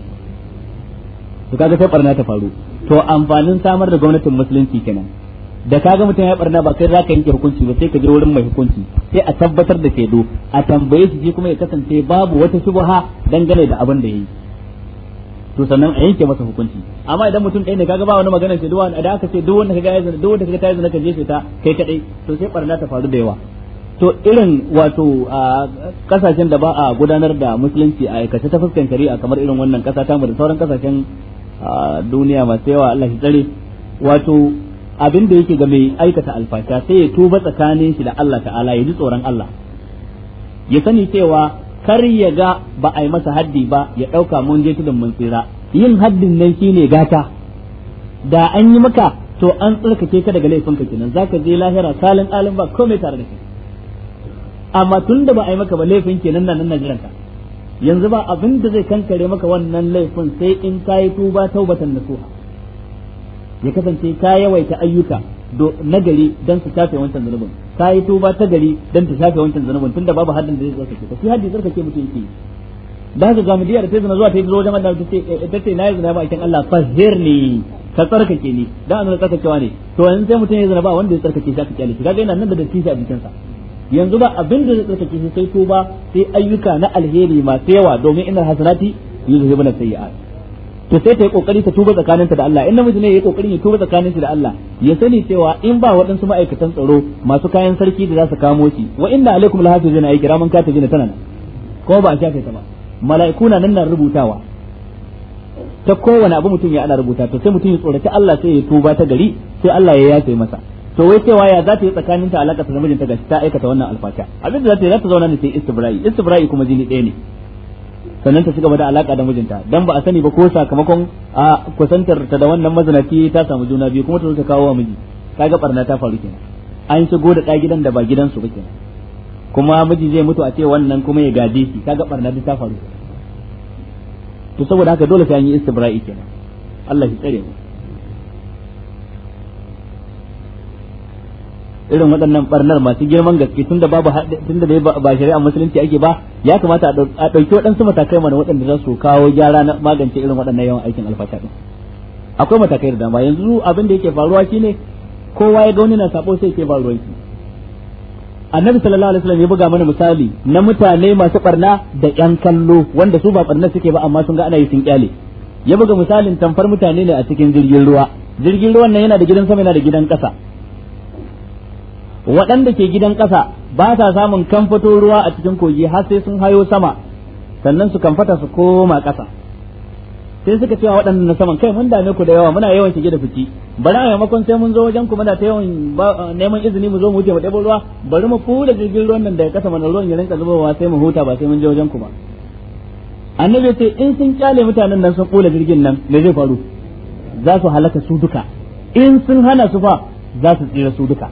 Speaker 1: to kaga sai barna ta faru to amfanin samar da gwamnatin musulunci kenan da ka ga mutum ya barna ba kai za ka yanke hukunci ba sai ka je wurin mai hukunci sai a tabbatar da shaidu a tambaye shi kuma ya kasance babu wata shubha dangane da abin da yayi to sannan a yanke masa hukunci amma idan mutum ɗaya ne kaga ba wani magana shaidu wanda da aka ce duk wanda ka ya zina duk wanda kaga ta zina ka je ta kai kaɗai to sai barna ta faru da yawa to irin wato a kasashen da ba a gudanar da musulunci a aikace ta fuskan shari'a kamar irin wannan kasa ta mu da sauran kasashen duniya masu yawa Allah shi tsare wato abin da yake ga mai aikata alfasha sai ya tuba tsakanin shi da Allah ta'ala ya ji tsoron Allah ya sani cewa kar ya ga ba a yi masa haddi ba ya ɗauka mun je tudun mun tsira yin haddin nan shine gata da an yi maka to an tsarkake ka daga ka kenan zaka je lahira salin alim ba komai tare da kai amma tun da ba a yi maka ba laifin kenan nan nan jiranka yanzu ba abin da zai kankare maka wannan laifin sai in ta yi tuba taubatan nasuha ya kasance ka yawaita ayyuka na gari dan su shafe wancan zanubin ka yi tuba ta gari dan su shafe wancan zanubin tunda babu haddin da zai tsarkake ka shi haddi tsarkake mutum yake da haka ga mudiyar ta zana zuwa ta yi wajen Allah ta ce eh, na yi nayi zina ba akin Allah fazirni ka tsarkake ni dan annabi tsarkakewa ne to yanzu sai mutum ya zina ba wanda ya tsarkake shi aka kyale shi kaga yana nan da dattin a jikinsa yanzu ba abin da zai tsarkake shi sai tuba sai ayyuka na alheri masu yawa domin inal hasanati yuzhibuna sayyi'at to sai ta yi kokari ta tuba tsakaninta da Allah in namiji ne ya yi kokari ya tuba tsakanin da Allah ya sani cewa in ba waɗansu ma'aikatan tsaro masu kayan sarki da za su kamo shi wa inna alaikum lahafizina ay kiraman jina tana ko ba a shafe ta ba mala'iku na nan na rubutawa ta kowane abu mutum ya ana rubuta to sai mutum ya tsorata Allah sai ya tuba ta gari sai Allah ya yafe masa to wai cewa ya za ta yi tsakaninta alaƙa ta ta gashi ta aikata wannan alfasha abin da za ta yi za ta zauna ne sai istibra'i istibra'i kuma jini ɗaya ne sannan ta cigaba da alaka da mijinta dan ba a sani ba ko sakamakon a kusantar ta da wannan mazinaci ta samu juna biyu kuma ta zo kawo wa miji kaga barna ta faru kenan an shigo da ɗa gidan da ba gidan su ba kenan kuma miji zai mutu a ce wannan kuma ya gaje shi kaga barna ta faru to saboda haka dole sai an yi istibra'i kenan Allah shi tsare mu irin waɗannan barnar masu girman gaske tunda babu tunda da ba shari'a musulunci ake ba ya kamata a ɗauki waɗansu matakai mana waɗanda za su kawo gyara na magance irin waɗannan yawan aikin alfasha ɗin akwai matakai da dama yanzu abin da yake faruwa shine kowa ya ga wani na sabo sai ke faruwa ruwanki annabi sallallahu alaihi wasallam ya buga mana misali na mutane masu barna da ƴan kallo wanda su ba barna suke ba amma sun ga ana yi sun kyale ya buga misalin tamfar mutane ne a cikin jirgin ruwa jirgin ruwan nan yana da gidan sama yana da gidan kasa waɗanda ke gidan ƙasa ba sa samun kamfato ruwa a cikin kogi har sai sun hayo sama sannan su kamfata su koma ƙasa sai suka cewa waɗanda na saman kai mun dame ku da yawa muna yawan shige da fici bari a maimakon sai mun zo wajen ku muna ta yawan neman izini mu zo mu wuce mu ɗebo ruwa bari mu fura jirgin ruwan nan daga ƙasa mana ruwan ya rinka zubowa sai mu huta ba sai mun je wajen ku ba annabi ce in sun kyale mutanen nan sun kula jirgin nan me zai faru za su halaka su duka in sun hana su fa za su tsira su duka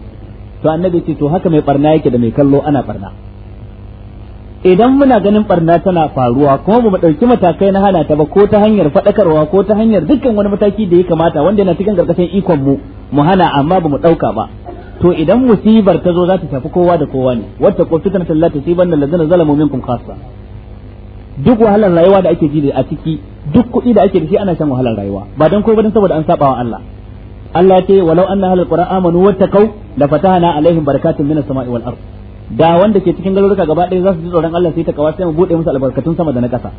Speaker 1: to annabi ce to haka mai barna yake da mai kallo ana barna idan muna ganin barna tana faruwa kuma ba mu ɗauki matakai na hana ta ba ko ta hanyar faɗakarwa ko ta hanyar dukkan wani mataki da ya kamata wanda yana cikin karkashin ikon mu mu hana amma ba mu ɗauka ba to idan musibar ta zo za ta shafi kowa da kowa ne wata ko fitan sallah ta zalamu minkum khassa duk wahalar rayuwa da ake ji a ciki duk kuɗi da ake da shi ana shan wahalar rayuwa ba dan ko ba dan saboda an saba wa Allah Allah ce walau anna ahlul qura amanu wattaqau la na alaihim barakatun minas sama'i wal ard da wanda ke cikin garuruka gaba ɗaya za su ji tsoron Allah sai ta kawa sai mu bude musu albarkatun sama da na ƙasa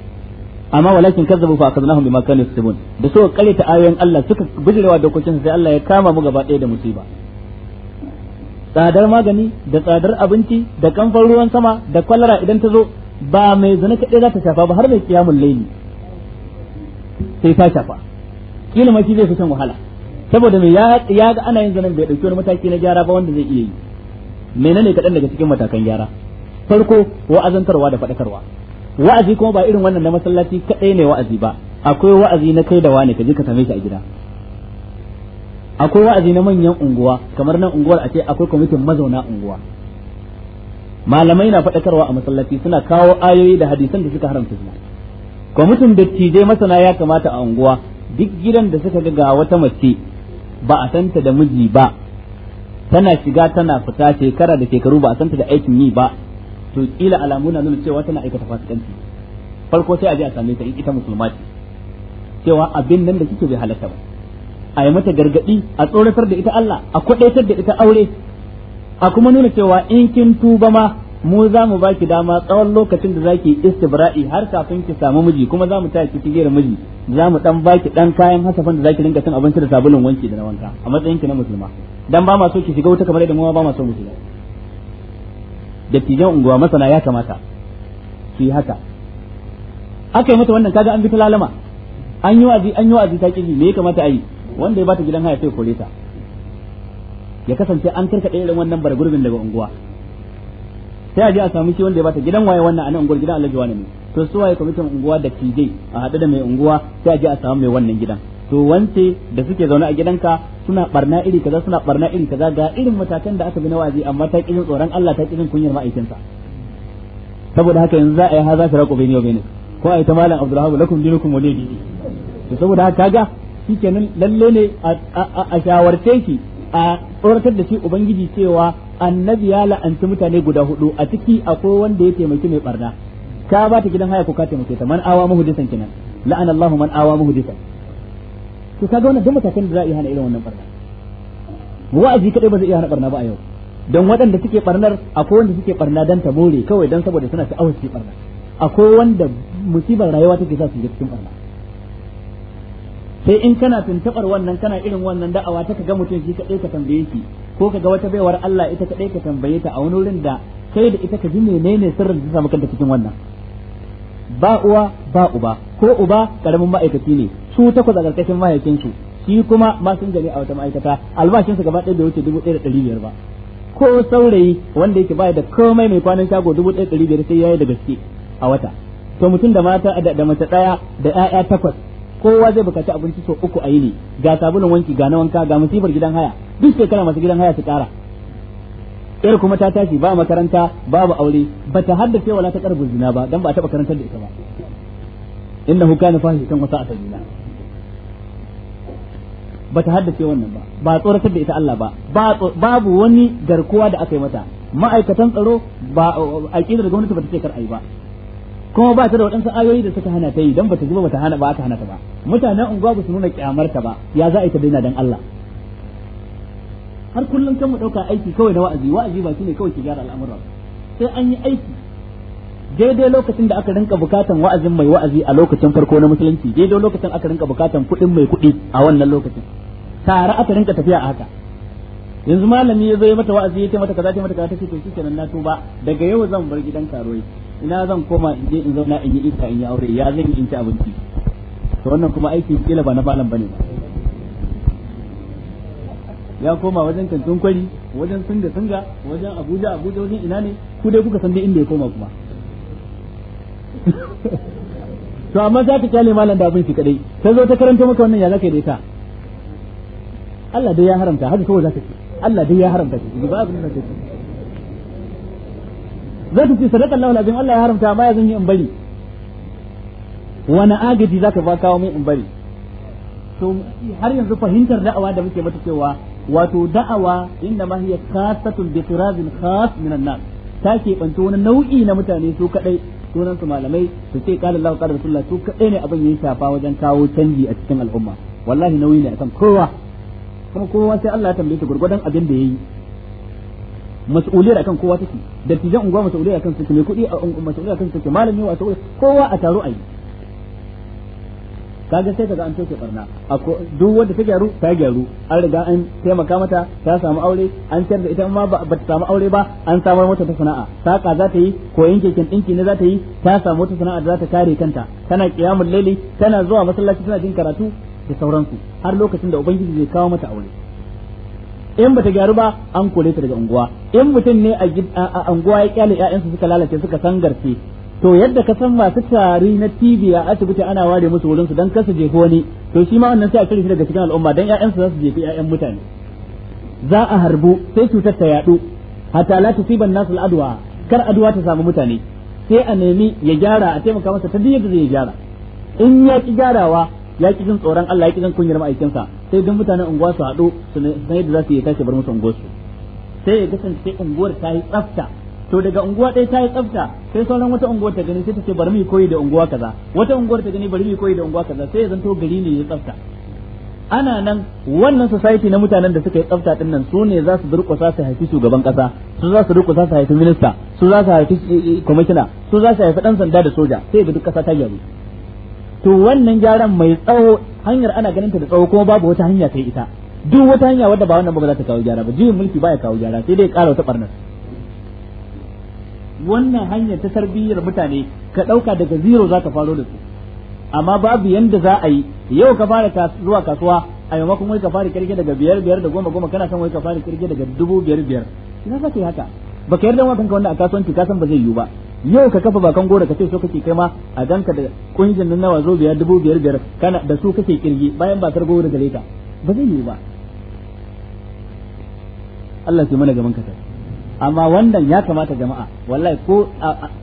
Speaker 1: amma walakin kazzabu fa akhadnahum bima kanu yasbun da suka kare ta ayoyin Allah suka bijirewa dokokin sai Allah ya kama mu gaba ɗaya da musiba tsadar magani da tsadar abinci da kamfan ruwan sama da kwalara idan ta zo ba mai zina kaɗai za ta shafa ba har mai kiyamun laili sai ta shafa kila ma shi zai fi shan wahala saboda mai ya ga ana yin zanen bai dauki wani mataki na gyara ba wanda zai iya yi menene kaɗan daga cikin matakan gyara farko wa'azantarwa da faɗakarwa wa'azi kuma ba irin wannan na masallaci kaɗai ne wa'azi ba akwai wa'azi na kai da wani ka je ka same shi a gida akwai wa'azi na manyan unguwa kamar nan unguwar a ce akwai kwamitin mazauna unguwa malamai na faɗakarwa a masallaci suna kawo ayoyi da hadisan da suka haramta su kwamitin dattijai masana ya kamata a unguwa duk gidan da suka ga wata mace ba a santa da miji ba tana shiga tana fita shekara da shekaru ba a santa da aikin yi ba to kila alamu na nuna cewa tana aikata fasikanci farko sai a je a same ta ita musulma ce cewa abin nan da kike bai halatta ba a yi mata gargadi a tsoratar da ita Allah a kwadaitar da ita aure a kuma nuna cewa in kin tuba ma mu za mu baki dama tsawon lokacin da zaki istibra'i har kafin ki samu miji kuma za mu ta ki da miji za mu dan baki dan kayan hasafan da zaki dinga cin abinci da sabulun wanki da na wanka a matsayin ki na musulma dan ba ma so ki shiga wuta kamar yadda mu ba ma so mu shiga dattijan unguwa masana ya kamata su yi haka aka yi mata wannan kaga an bi ta lalama an yi wazi an yi wazi ta kiji me ya kamata a yi wanda ya bata gidan haya sai kore ta ya kasance an karkade irin wannan bargurbin daga unguwa sai a je a samu shi wanda ya bata gidan waye wannan anan unguwar gidan Alhaji ne to su waye kwamitin unguwa da TJ a haɗu da mai unguwa sai a je a samu mai wannan gidan to wance da suke zaune a gidanka suna barna iri kaza suna barna iri kaza ga irin matakan da aka bi na waje amma ta kirin tsoron Allah ta kirin kunyar ma'aikinsa saboda haka yanzu za a yi haza shiraku bayni wa ne ko a yi ta malam Abdulrahman lakum dinukum wa dini to saboda haka kaga shikenan lalle ne a shawarce shi a tsoratar da shi ubangiji cewa annabi ya la'anci mutane guda hudu a ciki akwai wanda ya taimaki mai barna ka ba ta gidan haya ko ka taimake ta man awa disan kenan la'ana Allahu man awa disan to kaga wannan duk mutakan da za a yi hana irin wannan barna wa'azi kadai ba zai iya hana barna ba a yau don waɗanda suke barnar akwai wanda suke barna dan ta more kawai dan saboda suna ta su barna akwai wanda musibar rayuwa take sa su ji cikin barna sai in kana tuntubar wannan kana irin wannan da'awa ta ga mutum shi kadai ka tambaye shi ko ka ga wata baiwar Allah ita kadai ka tambaye ta a wani wurin da kai da ita ka ji menene sirrin da ta samu kanta cikin wannan ba uwa ba uba ko uba karamin ma'aikaci ne su takwas a karkashin mahaifinsu shi kuma masinja ne a wata ma'aikata albashinsa gaba ɗaya bai wuce dubu ɗaya da ɗari biyar ba ko saurayi wanda yake baya da komai mai kwanan shago dubu ɗaya da ɗari biyar sai yayi da gaske a wata to mutum da mata da mace ɗaya da ƴaƴa takwas kowa zai bukaci abinci sau uku a yini ga sabulun wanki ga na wanka ga musibar gidan haya duk shekara masu gidan haya su kara yar kuma ta tashi ba makaranta babu aure ba hadda cewa wala ta karbu zina ba dan ba ta karantar da ita ba hu kana kan wasa ta hadda cewa wannan ba ba tsoratar da ita Allah ba babu wani garkuwa da aka yi mata ma'aikatan tsaro ba aqidar gwamnati ba ta ce kar ai ba kuma ba ta da waɗansu ayoyi da suka hana ta yi ba bata zuba ba bata hana ba aka hana ta ba mutanen unguwa ba su nuna kyamar ta ba ya za a yi ta daina don Allah har kullum kan mu ɗauka aiki kawai na wa'azi wa'azi ba shine kawai ki gyara al'amura sai an yi aiki daidai lokacin da aka rinka bukatan wa'azin mai wa'azi a lokacin farko na musulunci daidai lokacin aka rinka bukatan kuɗin mai kuɗi a wannan lokacin tare aka rinka tafiya a haka yanzu malami ya zo ya mata wa'azi ya ce mata kaza ta mata kaza ta ce to shikenan na tuba daga yau zan bar gidan karoyi ina zan koma in je in zauna in yi ita in yi aure ya zan yi in ci abinci to wannan kuma aiki kila ba na malam bane ba ya koma wajen kantin kwari wajen singa singa wajen abuja abuja wajen ina ne ku dai kuka san dai inda ya koma kuma to amma za ka kyale malam da abinci kadai ta zo ta karanta maka wannan ya zaka yi da ita Allah dai ya haramta haka kawai za ce Allah dai ya haramta ki ba abin da ka ce za ta ce sadaka Allah lazim Allah ya haramta ba ya zan yi in bari wani agaji za ka ba kawo min in bari to har yanzu fahimtar da'awa da muke mata cewa wato da'awa inda ma hiya khasatun bi khas min an-nas ta ke banto wani nau'i na mutane su kadai sunan su malamai su ce qala Allah qala rasulullah su kadai ne abin yayi shafa wajen kawo canji a cikin al'umma wallahi nauyi ne akan kowa kuma kowa sai Allah ya tambaye shi gurgurdan abin da yayi mas'uliyar akan kowa take dattijan unguwa mas'uliyar akan su mai kuɗi mas'uliyar akan su malami wa sauran kowa a taro ayi kaga sai kaga an toke barna duk wanda ta gyaru ta gyaru an riga an taimaka mata ta samu aure an ciyar da ita ma ba ta samu aure ba an samar mata ta sana'a saka za ta yi koyon keken dinki ne za ta yi ta samu wata sana'a da za ta kare kanta tana kiyamul laili tana zuwa masallaci tana jin karatu da sauransu har lokacin da ubangiji zai kawo mata aure in bata gyaru ba an kore ta daga unguwa in mutum ne a unguwa ya kyale ƴaƴansu suka lalace suka san sangarce to yadda ka san masu tari na TV a asibiti ana ware musu wurin su dan kasa jefi wani to shi ma wannan sai a cire shi daga cikin al'umma dan ƴaƴansu za su jefi ƴaƴan mutane za a harbu sai cutar ta yaɗu hatta la tusiban nasu al'adwa kar adwa ta samu mutane sai a nemi ya gyara a taimaka masa ta yadda zai gyara in ya ki gyarawa ya ki jin tsoron Allah ya ki jin kunyar ma'aikinsa sai don mutanen unguwa su haɗu su yadda za su yi tashi bar musu unguwarsu sai ya kasance unguwar ta yi tsafta to daga unguwa ɗaya ta yi tsafta sai sauran wata unguwar ta gani sai ta ce bari mu koyi da unguwa kaza wata unguwar ta gani bari mu koyi da unguwa kaza sai ya zanto gari ne ya tsafta ana nan wannan society na mutanen da suka yi tsafta din nan su ne za su durƙusa su haifi shugaban kasa su za su durƙusa su haifi minista su za su haifi eh, eh, commissioner su za su haifi dan sanda da soja sai ga duk kasa ta gyaru to wannan gyaran mai tsawo hanyar ana ganin ta da tsawo kuma babu wata hanya sai ita duk wata hanya wadda ba wannan ba za ta kawo gyara ba jiwon mulki baya kawo gyara sai dai ƙara wata barnar wannan hanyar ta tarbiyyar mutane ka ɗauka daga zero za ka faro da su amma babu yanda za a yi yau ka fara zuwa kasuwa a maimakon wai ka fara kirge daga biyar biyar da goma goma kana son wai ka fara kirge daga dubu biyar biyar ina za ka yi haka baka yarda wa kanka wanda a kasuwanci kasan ba zai yiwu ba yau ka kafa bakan gora ka ce so kake kai ma a ganka da kungin nan nawa zo biyar dubu biyar biyar kana da su kake kirgi bayan bakar gora gare ka ba zai yi ba Allah ya mana gaban kasar amma wannan ya kamata jama'a wallahi ko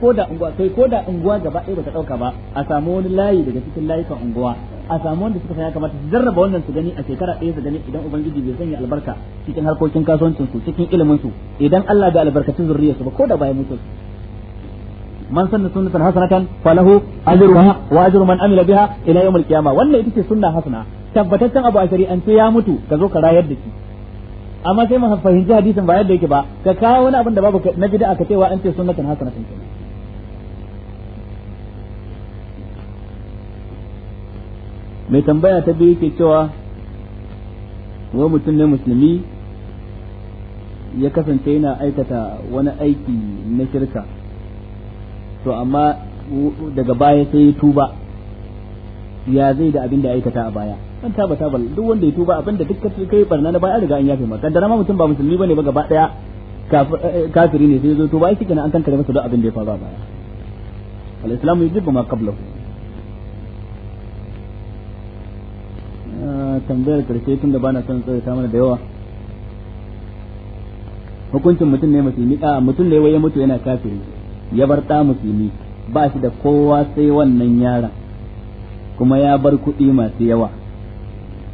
Speaker 1: ko da unguwa sai ko da unguwa gaba ɗaya bata dauka ba a samu wani layi daga cikin layukan unguwa a samu wanda suka ya kamata su jarraba wannan su gani a shekara ɗaya su gani idan ubangiji bai sanya albarka cikin harkokin kasuwancin su cikin ilimin su idan Allah bai albarkacin zurriyar su ba ko da bayan mutuwa man sanna sunnatan hasanatan falahu ajruha wa ajru man amila biha ila yawm qiyamah wannan ita ce sunna hasana tabbataccen abu a shari'ance ya mutu ka zo ka rayar da shi amma sai mu fahimci hadisin ba yadda yake ba ka kawo wani abin da babu na bid'a ka cewa an ce sunnatan hasanatan mai tambaya ta biyu ke cewa wani mutum ne musulmi ya kasance yana aikata wani aiki na shirka to amma daga baya sai ya tuba ya zai da abin da aikata a baya an taba taba duk wanda ya tuba abin da duk kai barna na baya riga an yafe maka da ma mutum ba musulmi bane ba gaba daya eh, kafiri ne sai ya zo tuba shi kenan an kankare masa duk abin da ya faru a baya al-islamu yujibu ma qablahu ah, tambayar karshe tun da bana son tsawaita mana da yawa hukuncin mutum ne musulmi a mutum ne wai ya mutu yana kafiri ya bar ɗa musulmi ba shi da kowa sai wannan yaran kuma ya bar kuɗi masu yawa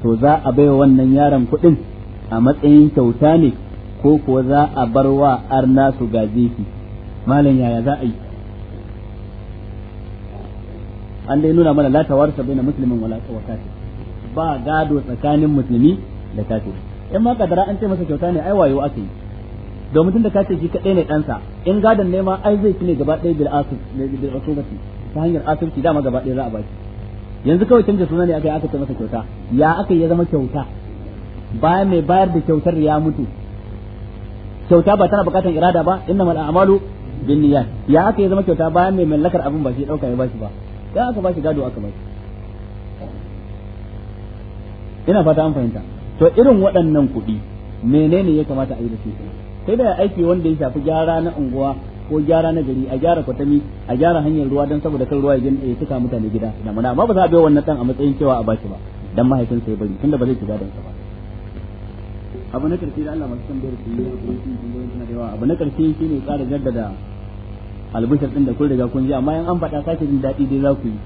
Speaker 1: to za a baiwa wannan yaran kuɗin a matsayin kyauta ne ko kuwa za a bar wa arna su gaje shi malam yaya za a yi an dai nuna mana sa bai na musulmin wala kafir ba gado tsakanin musulmi da kafir in ma kadara an ce masa kyauta ne ai wayo aka yi domin da ka ce shi kadai ne ɗansa in gadon ne ma ai zai ne gaba ɗaya bil asir bil ta hanyar asirci dama gaba ɗaya za a baki yanzu kawai canza suna ne aka yi aka ce masa kyauta ya aka ya zama kyauta bayan mai bayar da kyautar ya mutu kyauta ba tana bukatar irada ba mal a'malu binniyat ya aka ya zama kyauta bayan mai mallakar abin ba shi dauka ya bashi ba ya aka bashi gado aka bashi ina fata an fahimta to irin waɗannan kuɗi menene ya kamata a yi da su sai da aiki wanda ya shafi gyara na unguwa ko gyara na gari a gyara kwatami a gyara hanyar ruwa don saboda kan ruwa ya cika mutane gida da muna amma ba za a bai wannan dan a matsayin cewa a baki ba dan mahaifinsa ya bari tunda ba zai shiga dan sa ba abu na karshe da Allah masu tambayar su yi hakuri sun tambayar suna da yawa abu na karshe shine tsara jaddada albishar din da kun riga kun ji amma in an faɗa sake jin daɗi dai za ku yi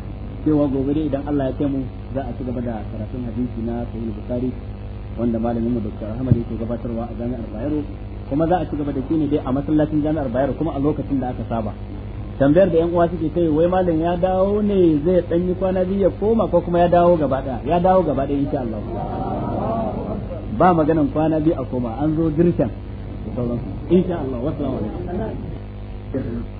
Speaker 1: cewa gobe dai idan Allah ya kai mu za a ci gaba da karatun hadisi na sahih bukhari wanda malamin mu Dr. Ahmad yake gabatarwa a jami'ar Bayero kuma za a ci gaba da shi ne dai a masallacin jami'ar bayar kuma a lokacin da aka saba tambayar da yan uwa suke kai wai malam ya dawo ne zai dan yi kwana biyu ya koma ko kuma ya dawo gaba daya ya dawo gaba daya insha Allah ba maganan kwana biyu a koma an zo dirshan insha Allah wassalamu
Speaker 2: alaikum